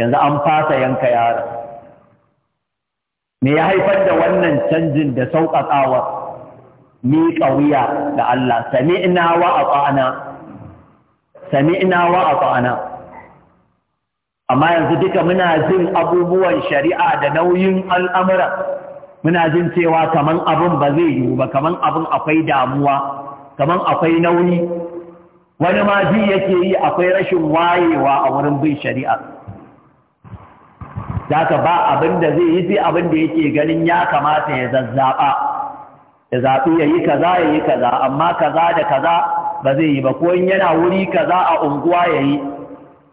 S1: yanzu an fasa yanka yara me ya haifar da wannan canjin da sauƙaƙawa ni ƙauya da Allah sami'na wa sami sami'na wa ata'ana amma yanzu duka muna jin abubuwan shari'a da nauyin al'amura muna jin cewa kaman abin ba zai yiwu ba kaman abin akwai damuwa kamar akwai nauyi wani ma ji yake yi akwai rashin wayewa a wurin bin shari'a za ka ba abin da zai yi sai abin da yake ganin ya kamata ya zazzaɓa ya zaɓi ya yi kaza ya yi kaza amma kaza da kaza ba zai yi ba ko in yana wuri kaza a unguwa ya yi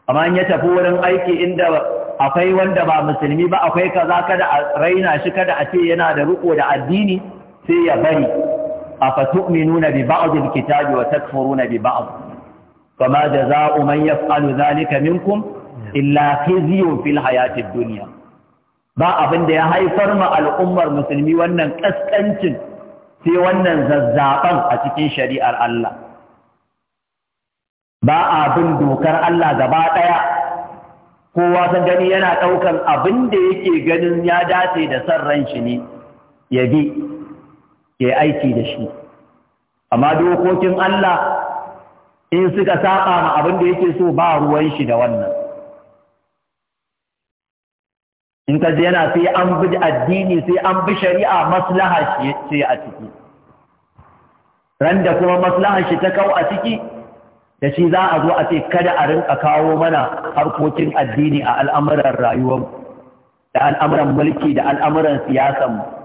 S1: amma ya tafi wurin aiki inda akwai wanda ba musulmi ba akwai kaza kada a raina shi kada a ce yana da riko da addini sai ya bari أفتؤمنون ببعض الكتاب وتكفرون ببعض فما جزاء من يفعل ذلك kamin إلا خزي في الحياة الدنيا ba abin da ya haifar ma al'ummar musulmi wannan ƙasƙancin sai wannan zazzaɓan a cikin shari'ar Allah. Ba abin dokar Allah gaba ɗaya, kowa san gani yana ɗaukan abin da yake ganin ya dace da son ran shi ne, ya bi, Ke aiki da shi amma dokokin Allah in suka saba ma abin da yake so ba ruwan shi da wannan in ka yana sai an bi addini sai an bi shari'a maslaha shi ce a ciki randa kuma maslaha shi ta kawo a ciki da shi za a zo a ce kada a rinka kawo mana harkokin addini a al'amuran rayuwar da al'amuran mulki da al'amuran siyasan mu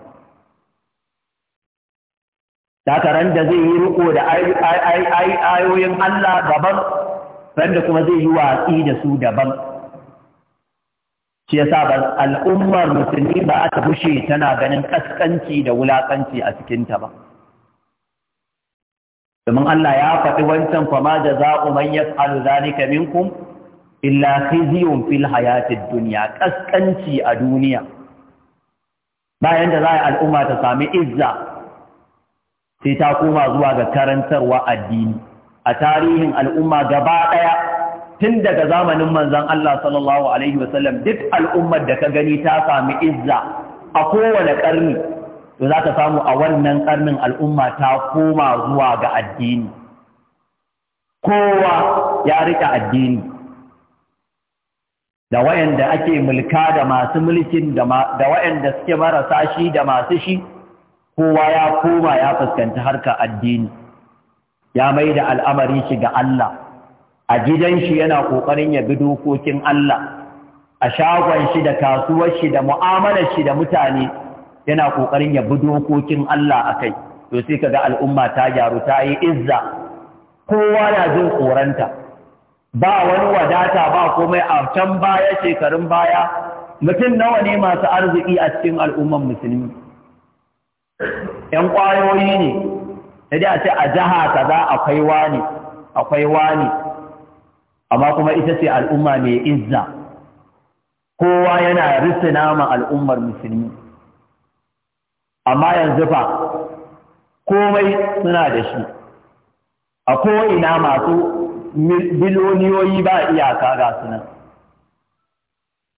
S1: haka ran da zai yi riko da ayoyin Allah daban ran da kuma zai yi watsi da su daban shi yasa ba al'ummar musulmi ba ta bushe tana ganin ƙasƙanci da wulaƙanci a cikinta ba domin Allah ya faɗi wancan kwama da za ku man yaf'alu zalika minkum illa fiziyun fil hayatid dunya a duniya bayan da za al'umma ta sami izza sai ta koma zuwa ga karantarwa addini a tarihin al'umma gaba ɗaya tun daga zamanin manzon Allah sallallahu alaihi wasallam duk al'ummar da ka gani ta sami izza a kowane ƙarni to za ka samu a wannan ƙarnin al'umma ta koma zuwa ga addini kowa ya riƙe addini da wayanda ake mulka da masu mulkin da wayanda suke marasa shi da masu shi kowa ya koma ya fuskanci harkar addini ya mai da al'amari shi ga Allah a gidan shi yana ƙoƙarin ya bi dokokin Allah a shagon shi da kasuwar shi da mu'amalar shi da mutane yana ƙoƙarin ya bi dokokin Allah a kai to sai kaga al'umma ta gyaru ta yi izza kowa na jin koranta ba wani wadata ba komai a can baya shekarun baya mutum nawa ne masu arziki a cikin al'umman musulmi ‘yan ƙwayoyi ne, sai dai a ce a jiha kaza akwai wani, akwai wani, amma kuma ita ce al'umma mai izza, kowa yana risina nama al'ummar musulmi. Amma yanzu fa, komai suna da shi, a ko'ina masu biloniyoyi ba iyaka ga suna.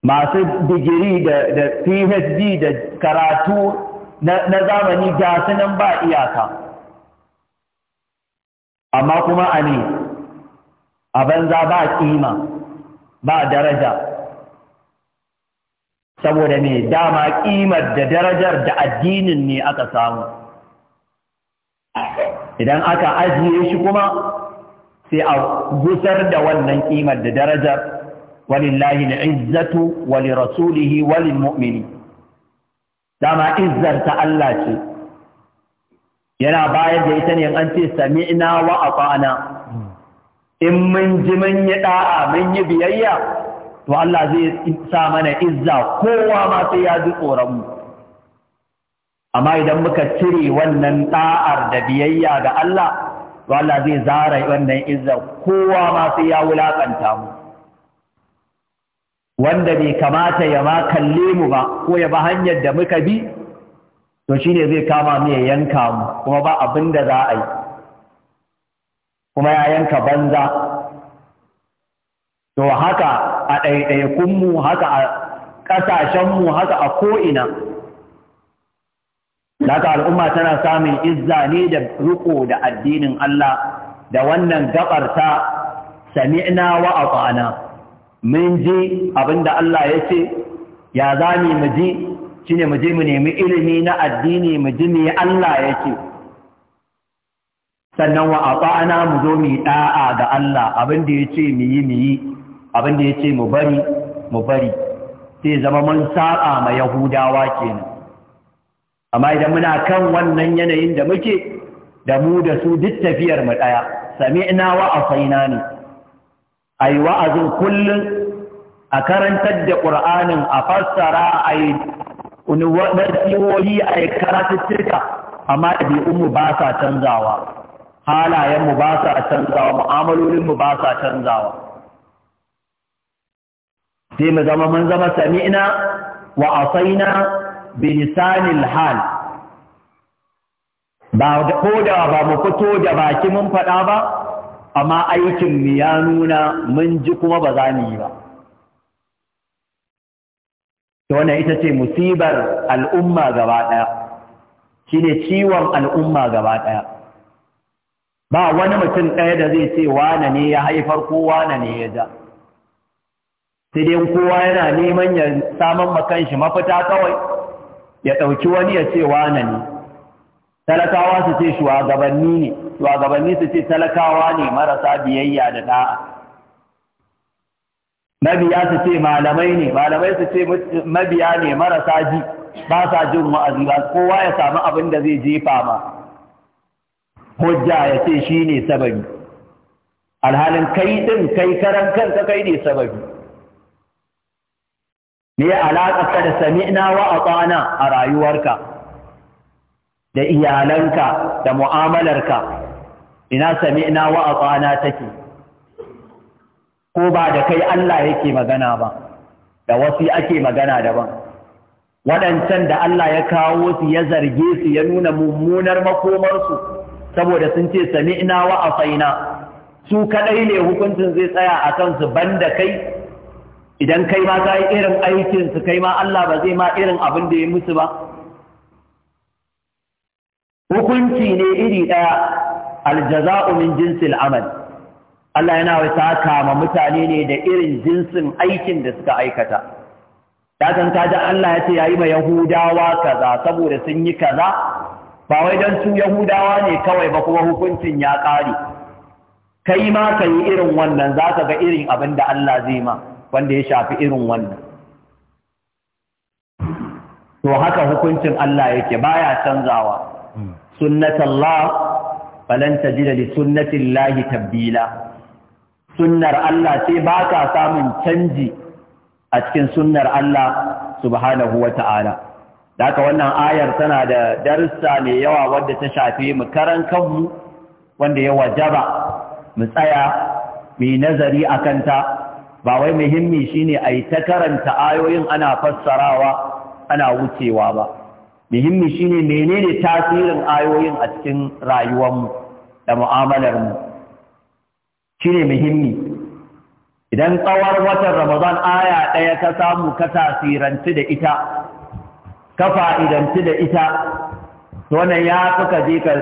S1: Masu digiri da PhD da karatu na zamani ga sanan ba iyaka amma kuma a ne a banza ba kima ba daraja saboda me dama kimar da darajar da addinin ne aka samu idan aka ajiye shi kuma sai a gusar da wannan kimar da darajar walillahi al'izzatu wa lirasulihi dama izzar ta Allah ce yana bayar da ita ne an ce sami'na wa kwana. in mun ji mun yi da'a mun yi biyayya to Allah zai sa mana izza kowa ma sai ya ji tsoron mu amma idan muka cire wannan da'ar da biyayya ga Allah to Allah zai zara wannan izza kowa ma sai ya wulakanta mu wanda bai kamata ya ma kalle mu ba ko ya ba hanyar da muka bi to shine zai kama mu ya yanka mu kuma ba abin da za a yi kuma ya yanka banza to haka a ɗaiɗaikunmu haka a ƙasashenmu haka a ko'ina haka al'umma tana samun izza ne da riko da addinin Allah da wannan gabar ta sami'na wa kwana. mun ji abinda Allah ya ce ya za ne mu ji Shi ne mu ji mu nemi ilimi na addini mu ji me Allah ya ce sannan wa a ba'ana mu zo mu yi ɗa'a ga Allah abinda ya ce mu yi mu yi abinda ya ce mu bari mu bari sai zama mun sa'a ma yahudawa kenan amma idan muna kan wannan yanayin da muke da mu da su duk tafiyar mu ɗaya sami'na wa asaina ne a yi wa'azin kullum a karantar da ƙur'anin a fassara a yi nasihohi a yi karatuttuka amma ɗabi'unmu ba sa canzawa halayenmu ba sa canzawa mu'amalolinmu ba sa canzawa sai mu zama mun zama sami'na wa asaina bilisanil hal ba ko da ba mu fito da baki mun faɗa ba amma aikin mu ya nuna mun ji kuma ba za mu yi ba to wannan ita ce musibar al'umma gaba ɗaya shine ciwon al'umma gaba ɗaya ba wani mutum ɗaya da zai ce wane ne ya haifar ko wane ne ya ja sai dai kowa yana neman ya samun makanshi mafita kawai ya ɗauki wani ya ce wane ne talakawa su ce shugabanni ne shugabanni su ce talakawa ne marasa biyayya da da'a mabiya su ce malamai ne malamai su ce mabiya ne marasa ji ba sa jin wa'azi ba kowa ya samu abin da zai jefa ma hujja ya ce shi ne sababi alhalin kai din kai karan kanka kai ne sababi me alaƙa da sami'na wa a a rayuwarka da iyalanka da mu'amalarka ina sami'na wa atana take ko ba da kai Allah yake magana ba da wasu ake magana daban waɗancan da Allah ya kawo su ya zarge su ya nuna mummunar makomarsu saboda sun ce sami'na wa asaina su kadai ne hukuncin zai tsaya a kansu banda kai idan kai ma ka yi irin aikinsu, kai ma Allah ba zai ma irin abin da ya musu ba hukunci ne iri ɗaya aljaza'u min jinsil amal Allah yana saka ma mutane ne da irin jinsin aikin da suka aikata ta da Allah ya ce yayi ma yahudawa kaza saboda sun yi kaza ba wai dan su yahudawa ne kawai ba kuma hukuncin ya ƙare kai ma ka yi irin wannan zaka ga irin abin da Allah zai ma wanda ya shafi irin wannan to haka hukuncin Allah yake baya canzawa sunnatallah falan tajida li sunnatillahi sunnar Allah sai baka samun canji a cikin sunnar Allah subhanahu ta'ala. Da wannan ayar tana da darussa mai yawa wadda ta shafi mu karan kanmu wanda ya wajaba mu tsaya mu nazari a ta. ba wai muhimmi shine a yi ta karanta ayoyin ana fassarawa ana wucewa ba. muhimmi shine menene tasirin ayoyin a cikin rayuwarmu da mu'amalarmu shine muhimmi idan tsawar watan ramadan aya ɗaya ka samu ka tasiranci da ita ka fa'idanci da ita wannan ya suka ka je ka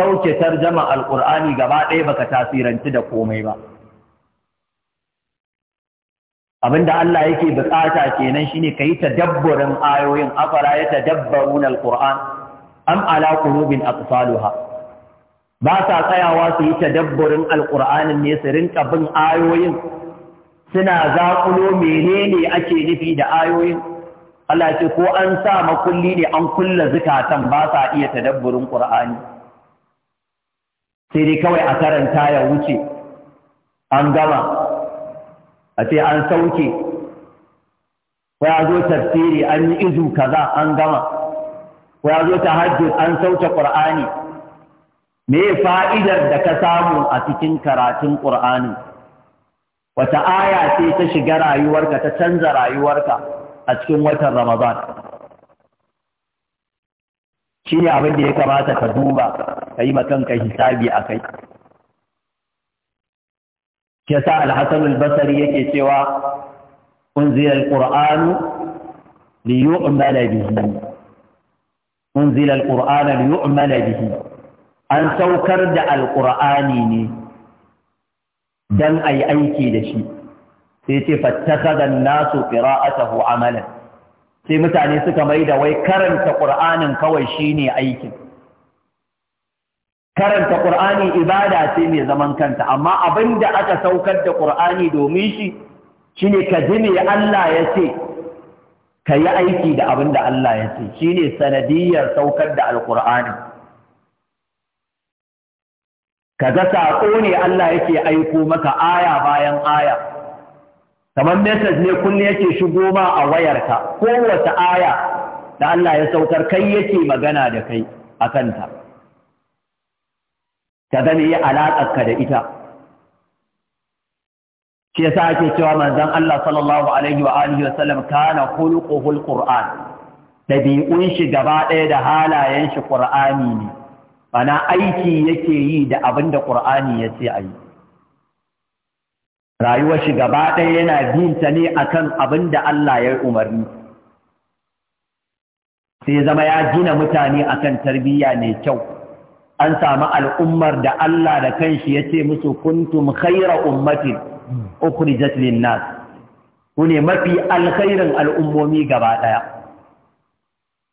S1: sauke tarjama alƙur'ani gaba ɗaya baka tasiranci da komai ba Abin da Allah yake bukata kenan shine kai tadabburin ayoyin afara ya tadabbarun alquran am ala qulubin aqsaluha ba sa tsayawa su yi tadabburin alqur'anin ne su rinka bin ayoyin suna zaƙulo menene ake nufi da ayoyin Allah ce ko an sa makulli ne an kulla zukatan ba sa iya tadabburin qur'ani sai dai kawai a karanta ya wuce an gama a ce an sauke ko ya zo tafsiri an yi izu kaza an gama ko ya zo tahajjud an sauke qur'ani me fa'idar da ka samu a cikin karatun qur'ani wata aya ce ta shiga rayuwarka ta canza rayuwarka a cikin watan ramadan shi ne abin da ya kamata ka duba ka yi kanka hisabi a kai yasa al-hasan al-basri yake cewa unzila al-qur'anu li yu'mala bihi unzila al li yu'mala bihi an saukar da al-qur'ani ne dan ayi aiki da shi sai ce fattakhadha an-nasu qira'atahu amalan sai mutane suka mai da wai karanta qur'anin kawai shine aikin karanta Qur'ani ibada ce mai zaman kanta amma abin da aka saukar da Qur'ani domin shi shine ka ji me Allah ya ce ka yi aiki da abin da Allah ya ce shine sanadiyar saukar da Alƙur'ani kaga saƙo ne Allah yake aiko maka aya bayan aya kamar message ne kullum yake shigo ma a wayar ka, kowace aya da Allah ya saukar kai yake magana da kai a kanta ta zama yi alaƙarka da ita shi yasa ake cewa manzon Allah sallallahu alaihi wa alihi wa sallam kana khuluquhul qur'an dabi'un shi gaba ɗaya da halayen shi ƙur'ani ne bana aiki yake yi da abin da ƙur'ani ya ce yi. rayuwar shi gaba ɗaya yana bin ta ne akan abin da Allah ya umarni sai zama ya gina mutane akan tarbiyya mai kyau an samu al'ummar da Allah da kanshi ya ce musu kuntum khaira ummatin ukhrijat nas ku ne mafi alkhairin al'ummomi gaba ɗaya.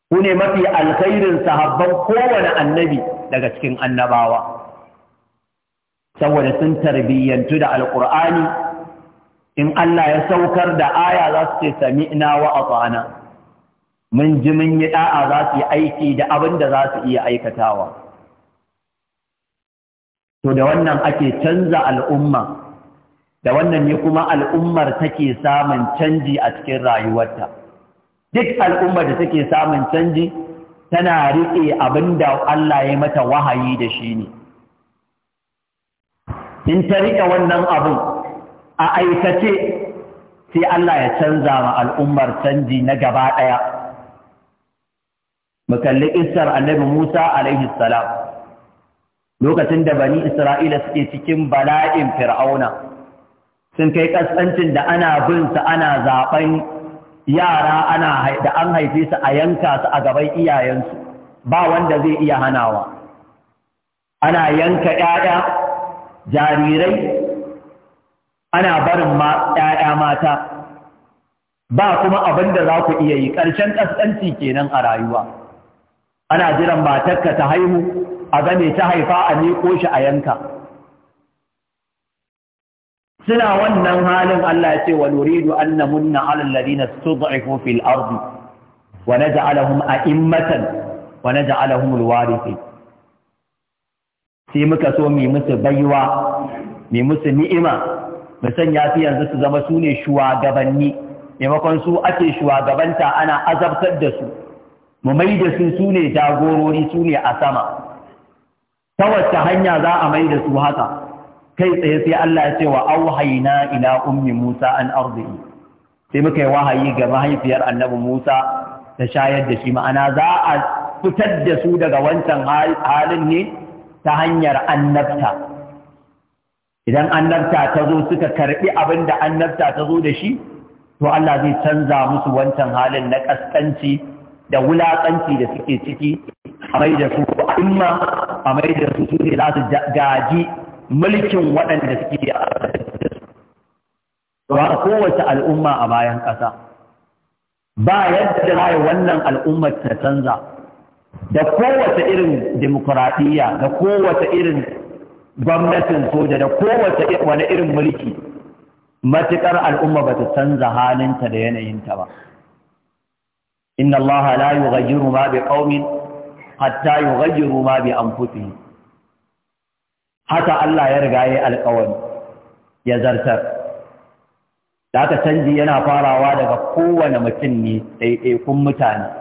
S1: ku ne mafi alkhairin sahabban kowane annabi daga cikin annabawa saboda sun tarbiyyantu da Alƙur'ani, in Allah ya saukar da aya za su ce sami'na wa ata'na mun ji mun yi ɗa'a za su yi aiki da abin da za su iya aikatawa to da wannan ake canza al'umma da wannan ne kuma al'ummar take samun canji a cikin rayuwarta duk al'ummar da take samun canji tana riƙe abin da Allah ya mata wahayi da shi ne in ta riƙe wannan abin a aikace sai Allah ya canza ma al'ummar canji na gaba ɗaya mu kalli annabi Musa alaihi salam lokacin da bani isra'ila suke cikin bala'in fir'auna sun kai kasancin da ana bin su ana zaben yara ana da an haife su a yanka su a gaban iyayensu ba wanda zai iya hanawa ana yanka ƴaƴa jarirai ana barin ma ƴaƴa mata ba kuma abin da za ku iya yi ƙarshen kasanci kenan a rayuwa ana jiran matarka ta haihu a game ta haifa a miƙo shi a yanka suna wannan halin Allah ya ce wa nuridu an namunna ala alladhina stud'ifu fil ardi wa naj'alahum a'immatan wa naj'alahum alwarithin sai muka so mu musu baiwa mu musu ni'ima mu sanya su yanzu su zama su ne shugabanni maimakon su ake shugabanta ana azabtar da su mu mai da su ne jagorori sune a sama ta wacce hanya za a mai da su haka kai tsaye sai Allah ya ce wa auhayna ila ummi Musa an ardi sai muka yi wahayi ga mahaifiyar annabi Musa ta shayar da shi ma'ana za a fitar da su daga wancan halin ne ta hanyar annabta idan annabta ta zo suka karbi abin da annabta ta zo da shi to Allah zai canza musu wancan halin na kaskanci da wulakanci da suke ciki a mai da su umma a mai da su su ne za su gaji mulkin waɗanda suke a ƙasar ba kowace al'umma a bayan ƙasa ba yadda rayu wannan al'ummar ta canza da kowace irin demokuraɗiyya da kowace irin gwamnatin soja da kowace wani irin mulki matuƙar al'umma ba ta canza halinta da yanayinta ba inna allaha la yughayyiru ma bi qaumin hatta yughayyiru ma bi anfusihim haka Allah ya riga yayi alƙawari ya zartar da aka canji yana farawa daga kowane mutum ne kun mutane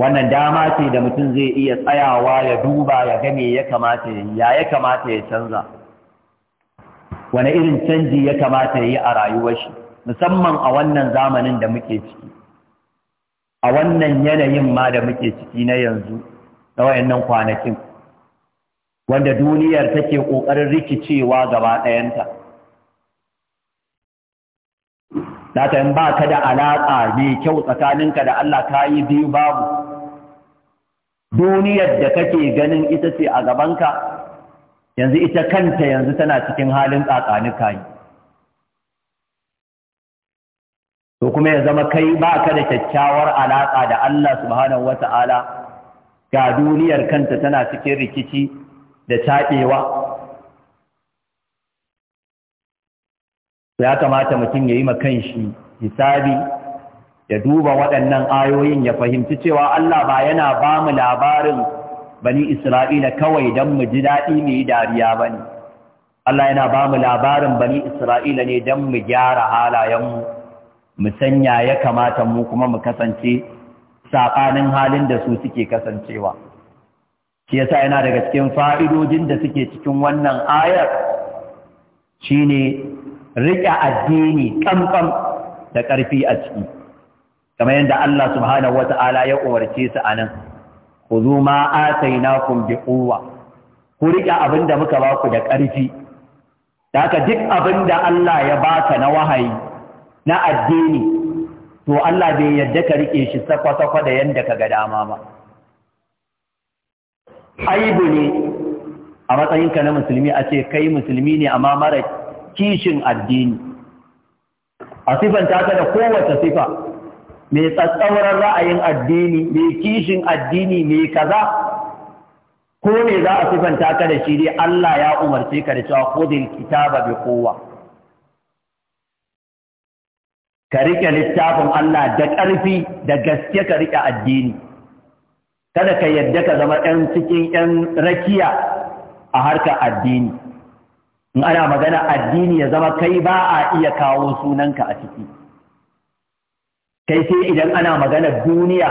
S1: wannan dama ce da mutum zai iya tsayawa ya duba ya ga ya kamata ya ya ya kamata ya canza wani irin canji ya kamata ya yi a rayuwar shi musamman a wannan zamanin da muke ciki a wannan yanayin ma da muke ciki na yanzu na wayannan kwanakin wanda duniyar take ƙoƙarin rikicewa gaba ɗayanta ta in ba ka da alaƙa mai kyau tsakaninka da Allah ka yi biyu babu duniyar da kake ganin ita ce a gabanka yanzu ita kanta yanzu tana cikin halin tsakanin kayi to kuma ya zama kai ba ka da kyakkyawar alaƙa da Allah subhanahu wa ta'ala ga duniyar kanta tana cikin rikici da taɓewa ya kamata mutum ya yi ma kanshi, hisabi ya duba waɗannan ayoyin ya fahimci cewa Allah ba yana ba mu labarin bani Isra'ila kawai don mu ji daɗi mu yi dariya ba ne. Allah yana ba mu labarin bani Isra'ila ne don mu gyara halayen mu. mu sanya ya kamata mu kuma mu kasance saɓanin halin da su suke kasancewa shi yasa yana daga cikin fa'idojin da suke cikin wannan ayar shine riƙe addini ƙamƙam da ƙarfi a ciki kamar yadda Allah subhanahu wata'ala ya umarce su anan khudhu ma atainakum uwa, ku riƙe abinda da muka ku da ƙarfi da haka duk abin da Allah ya baka na wahayi na addini to Allah bai yadda ka rike shi sakwa-sakwa da yadda ka ga dama ba aibu ne a matsayinka na musulmi a ce kai musulmi ne amma mara kishin addini a ta ta da kowace sifa mai tsatsauran ra'ayin addini mai kishin addini mai kaza ko ne za a sifanta ka da shi dai Allah ya umarce ka da cewa kodin kitaba bi kowa ka riƙe littafin Allah da ƙarfi da gaske ka riƙe addini kada ka yadda ka zama ɗan cikin ɗan rakiya a harkar addini in ana magana addini ya zama kai ba a iya kawo sunanka a ciki kai sai idan ana magana duniya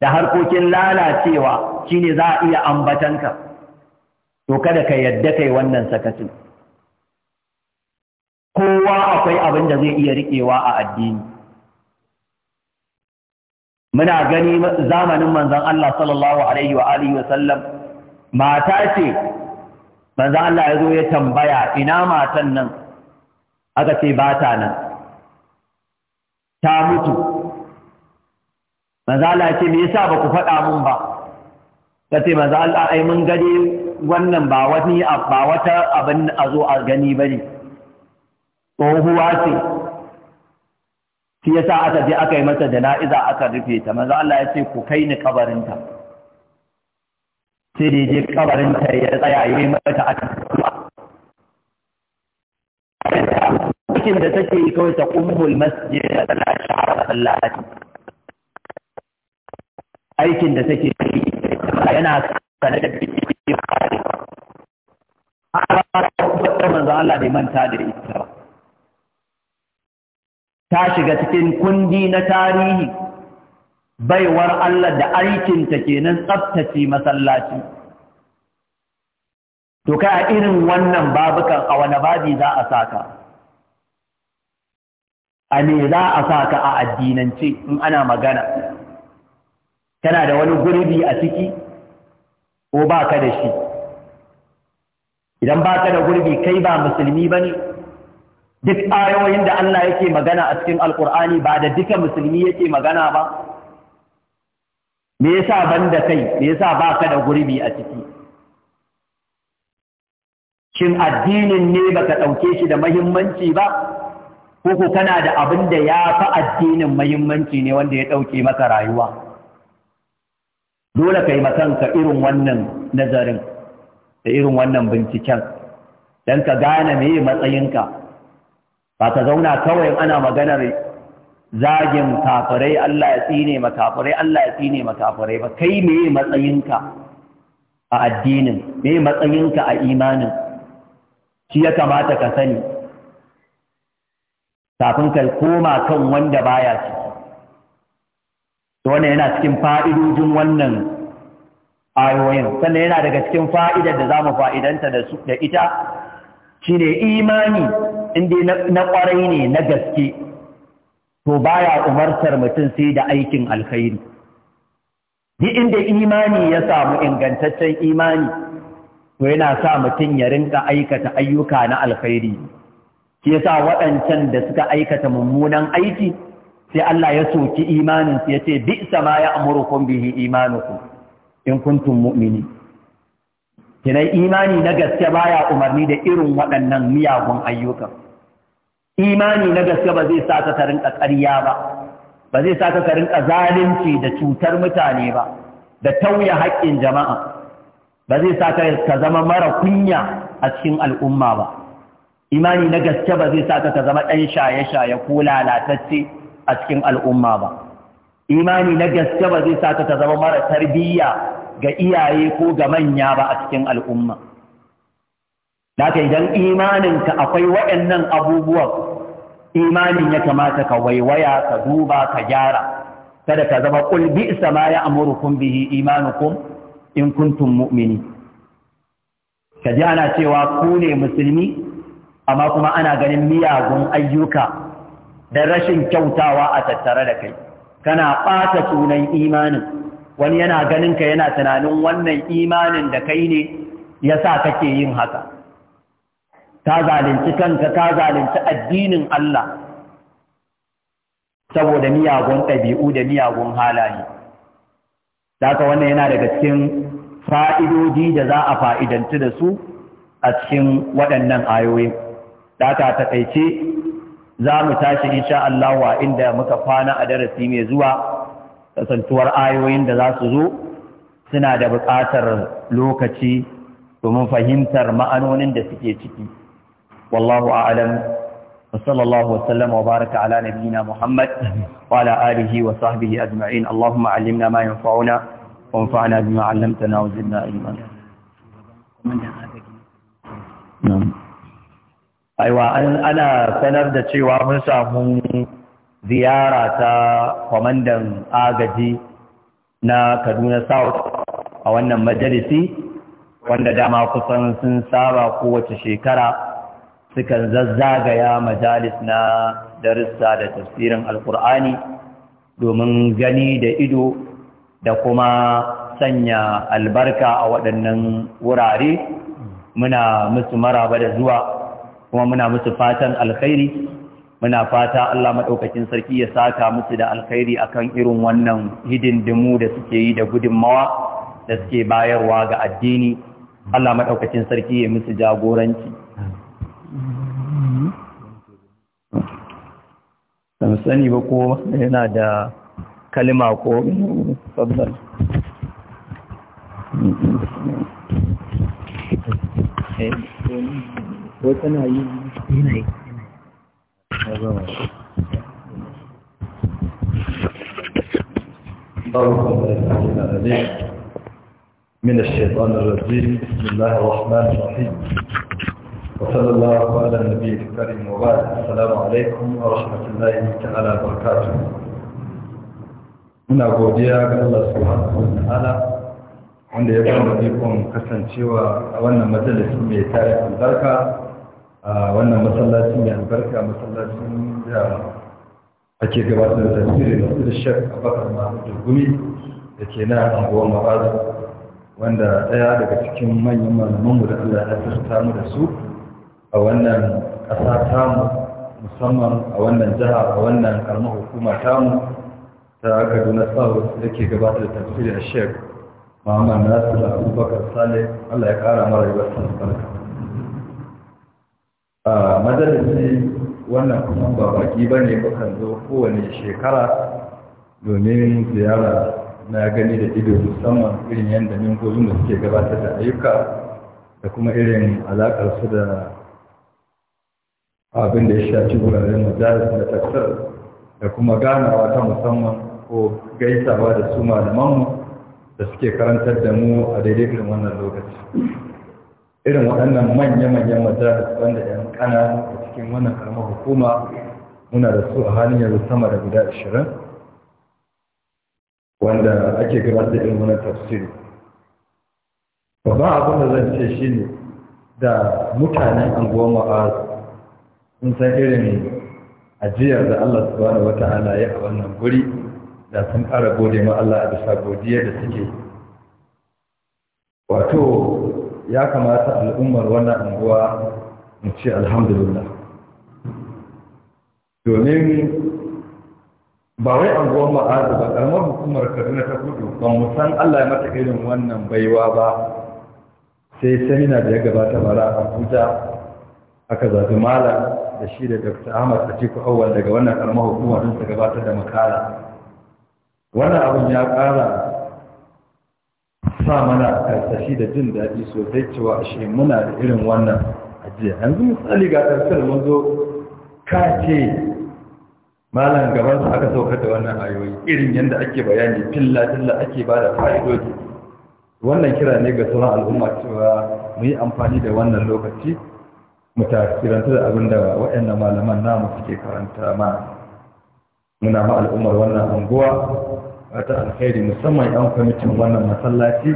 S1: da harkokin lalacewa shine za a iya ambatanka to kada ka yadda kai wannan sakacin kowa akwai abin da zai iya riƙewa a addini muna gani zamanin manzon Allah sallallahu alaihi wa alihi wa sallam mata ce manzon Allah ya zo ya tambaya ina matan nan aka ce ba ta nan ta mutu manzon Allah ya ce me yasa ba ku faɗa mun ba Ka ce manzon Allah ai mun gani wannan ba wani ba wata abin a zo a gani bane tsohuwa ce shi sa aka je aka yi mata jana'iza aka rufe ta maza Allah ya ce ku kai ni kabarinta sai da je kabarinta ya tsaya ya yi mata a cikin da take yi kawai ta masu masjid da tana shahara sallati aikin da take yi yana sanar da biki fari Allah da manta da ita ba ta shiga cikin kundi na tarihi baiwar Allah da aikinta kenan tsaftace masallaci to kai a irin wannan babukan a wani babi za a saka a me za a saka a addinance in ana magana kana da wani gurbi a ciki ko ba ka da shi idan ba ka da gurbi kai ba musulmi ba ne duk ayoyin da Allah yake magana a cikin alkur'ani ba da duka musulmi yake magana ba me yasa ban da kai me yasa ka da gurbi a ciki shin addinin ne baka ɗauke shi da mahimmanci ba ko kana da abin da ya fi addinin mahimmanci ne wanda ya ɗauke maka rayuwa dole ka yi makanka irin wannan nazarin da irin wannan binciken don ka gane me matsayinka ba ka zauna kawai ana maganar zagin kafirai Allah ya tsine ma kafirai Allah ya tsine ma kafirai ba kai meye matsayinka a addinin me matsayinka a imanin shi ya kamata ka sani kafin ka koma kan wanda baya ciki to wannan yana cikin fa'idojin wannan ayoyin sannan yana daga cikin fa'idar da za mu fa'idanta da ita shi ne imani inda na ƙwarai ne na gaske to baya umartar mutum sai da aikin alkhairi duk inda imani ya samu ingantaccen imani to yana sa mutum ya rinka aikata ayyuka na alkhairi ke sa waɗancan da suka aikata mummunan aiki sai Allah ya soki imaninsu ya ce bi sama ya amurukun bihi imanuku, in kuntum mu'mini kinai imani na gaske baya umarni da irin waɗannan miyagun ayyukan imani na gaske ba zai sa ka rinka ƙarya ba ba zai sa ka rinka zalunci da cutar mutane ba da tauya haƙƙin jama'a ba zai sa ka zama mara kunya a cikin al'umma ba imani na gaske ba zai sa ka zama ɗan shaye-shaye ko lalatacce a cikin al'umma ba imani na gaske ba zai sa ka zama mara tarbiyya ga iyaye ko ga manya ba a cikin al'umma Laka idan imaninka akwai waɗannan abubuwan imanin ya kamata ka waiwaya ka duba ka gyara kada ka zama ƙulbi isa ma ya amurukun bihi imanukun in kuntun mu'mini ka ji ana cewa ku ne musulmi amma kuma ana ganin miyagun ayyuka da rashin kyautawa a tattare da kai kana ɓata sunan imanin wani yana ganin ka yana tunanin wannan imanin da kai ne ya sa kake yin haka ta zalunci kanka ta zalunci addinin Allah saboda miyagun ɗabi'u da miyagun halaye haka wannan yana daga cikin fa'idodi da za a fa'idanci da su a cikin waɗannan ayoyi ta taƙaice za mu tashi insha Allah wa inda muka kwana a darasi mai zuwa kasantuwar ayoyin da za su zo suna da buƙatar lokaci domin fahimtar ma'anonin da suke ciki wallahu a'lam wa sallallahu wasallam wa baraka ala nabiyyina muhammad wa ala alihi wa sahbihi ajma'in allahumma allimna ma yanfa'una wa anfa'na bima 'allamtana wa zidna ilma aiwa ana sanar da cewa mun samu ziyara ta kwamandan agaji na kaduna south a wannan majalisi wanda dama kusan sun saba kowace shekara sukan zazzagaya majalis na darussa da tafsirin alkur'ani domin gani da ido da kuma sanya albarka a waɗannan wurare muna musu maraba da zuwa kuma muna musu fatan alkhairi muna fata Allah maɗaukacin sarki ya saka musu da alkhairi akan irin wannan hidindimu da suke yi da gudunmawa da suke bayarwa ga addini Allah maɗaukacin sarki ya musu jagoranci sani ba ko yana da kalima ko fadlar eh, eh, ko tana yi
S3: من الشيطان الرجيم بسم الله الرحمن الرحيم وصلى الله على النبي الكريم وبعد السلام عليكم ورحمة الله تعالى وبركاته muna godiya ga Allah subhanahu wa ta'ala wanda ya ba mu ikon kasancewa a wannan majalisi mai tare albarka a wannan masallaci ya albarka masallacin da ake gabatar da tasiri da su da shek bakar mahmudu gumi da ke na abuwa mafaza wanda daya daga cikin manyan malamanmu da allah ya furta mu da su a wannan ƙasa tamu musamman a wannan jiha a wannan karamar hukuma tamu ta kaduna south da ke gabatar da tasiri a shek muhammad nasiru abubakar saleh allah ya ƙara mara yi wasu albarka madalisi wannan kusan ba baki ba ne kukan zo kowane shekara domin ziyara na gani da ido musamman irin yadda mingojin da suke gabatar da ayyuka da kuma irin su da abin da ya shafi wuraren majalis da tafsir da kuma ganawa ta musamman ko gaisawa da su malamanmu da suke karantar da mu a daidai irin wannan lokaci irin waɗannan manya-manyan majalis wanda 'yan ana a cikin wannan karamar hukuma muna da su a halin yanzu sama da guda ashirin wanda ake gabatar da irin wannan tafsiri babban abin da zan ce shi ne da mutanen anguwar ma'az sun san irin ajiyar da Allah subhanahu wata ya a wannan guri da sun ƙara gode ma Allah a bisa godiya da suke wato ya kamata al'ummar wannan anguwa in ce alhamdulillah domin ba wai an goma ba ƙaramar hukumar kaduna ta kudu ba mu san allah ya mata irin wannan baiwa ba sai samina da ya gabata bara a abuja aka zafi malam da shi da dr ahmad atiku awal daga wannan ƙaramar hukumar don ta gabatar da makala wannan abin ya kara sa mana karsashi da jin daɗi sosai cewa ashe muna da irin wannan ajiya yanzu misali ga tarsar mun zo ka ce malam gaban su aka saukar da wannan ayoyi irin yadda ake bayani filla-filla ake ba da fa'idoji wannan kira ne ga sauran al'umma cewa mu yi amfani da wannan lokaci mu tafiranta da abin da waɗannan malaman namu suke karanta ma muna ma al'ummar wannan anguwa ta alkhairi musamman 'yan kwamitin wannan masallaci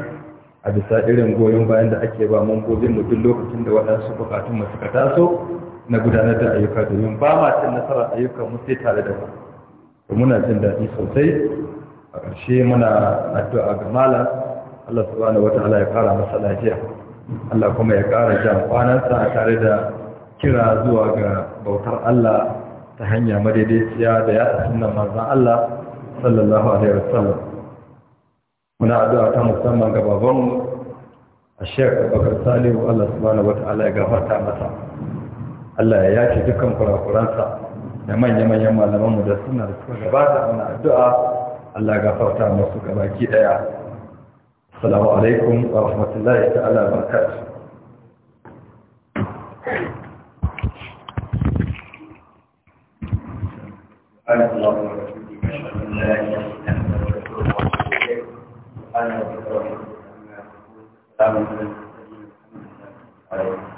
S3: a bisa irin goyon bayan da ake ba mambobin mu duk lokacin da waɗansu bukatun mu suka taso na gudanar da ayyuka domin ba ma cin nasara ayyukan mu sai tare da ba to muna jin daɗi sosai a ƙarshe muna addu'a ga malam Allah subhanahu wataala ya ƙara masa lafiya Allah kuma ya ƙara jan kwanansa tare da kira zuwa ga bautar Allah ta hanya madaidaiciya da ya sunna manzon Allah sallallahu alaihi wasallam muna addu'a ta musamman ga babanmu a shekar bakar salihu Allah subhanahu wata'ala ya gafarta masa Allah ya yace dukkan kurakuransa da manya-manyan malamanmu da suna da suka gabata muna addu'a Allah ya gafarta masu baki daya assalamu alaikum wa rahmatullahi ta'ala barakatuh أنا الله ورسوله أشهد أن لا إله al auditorio. en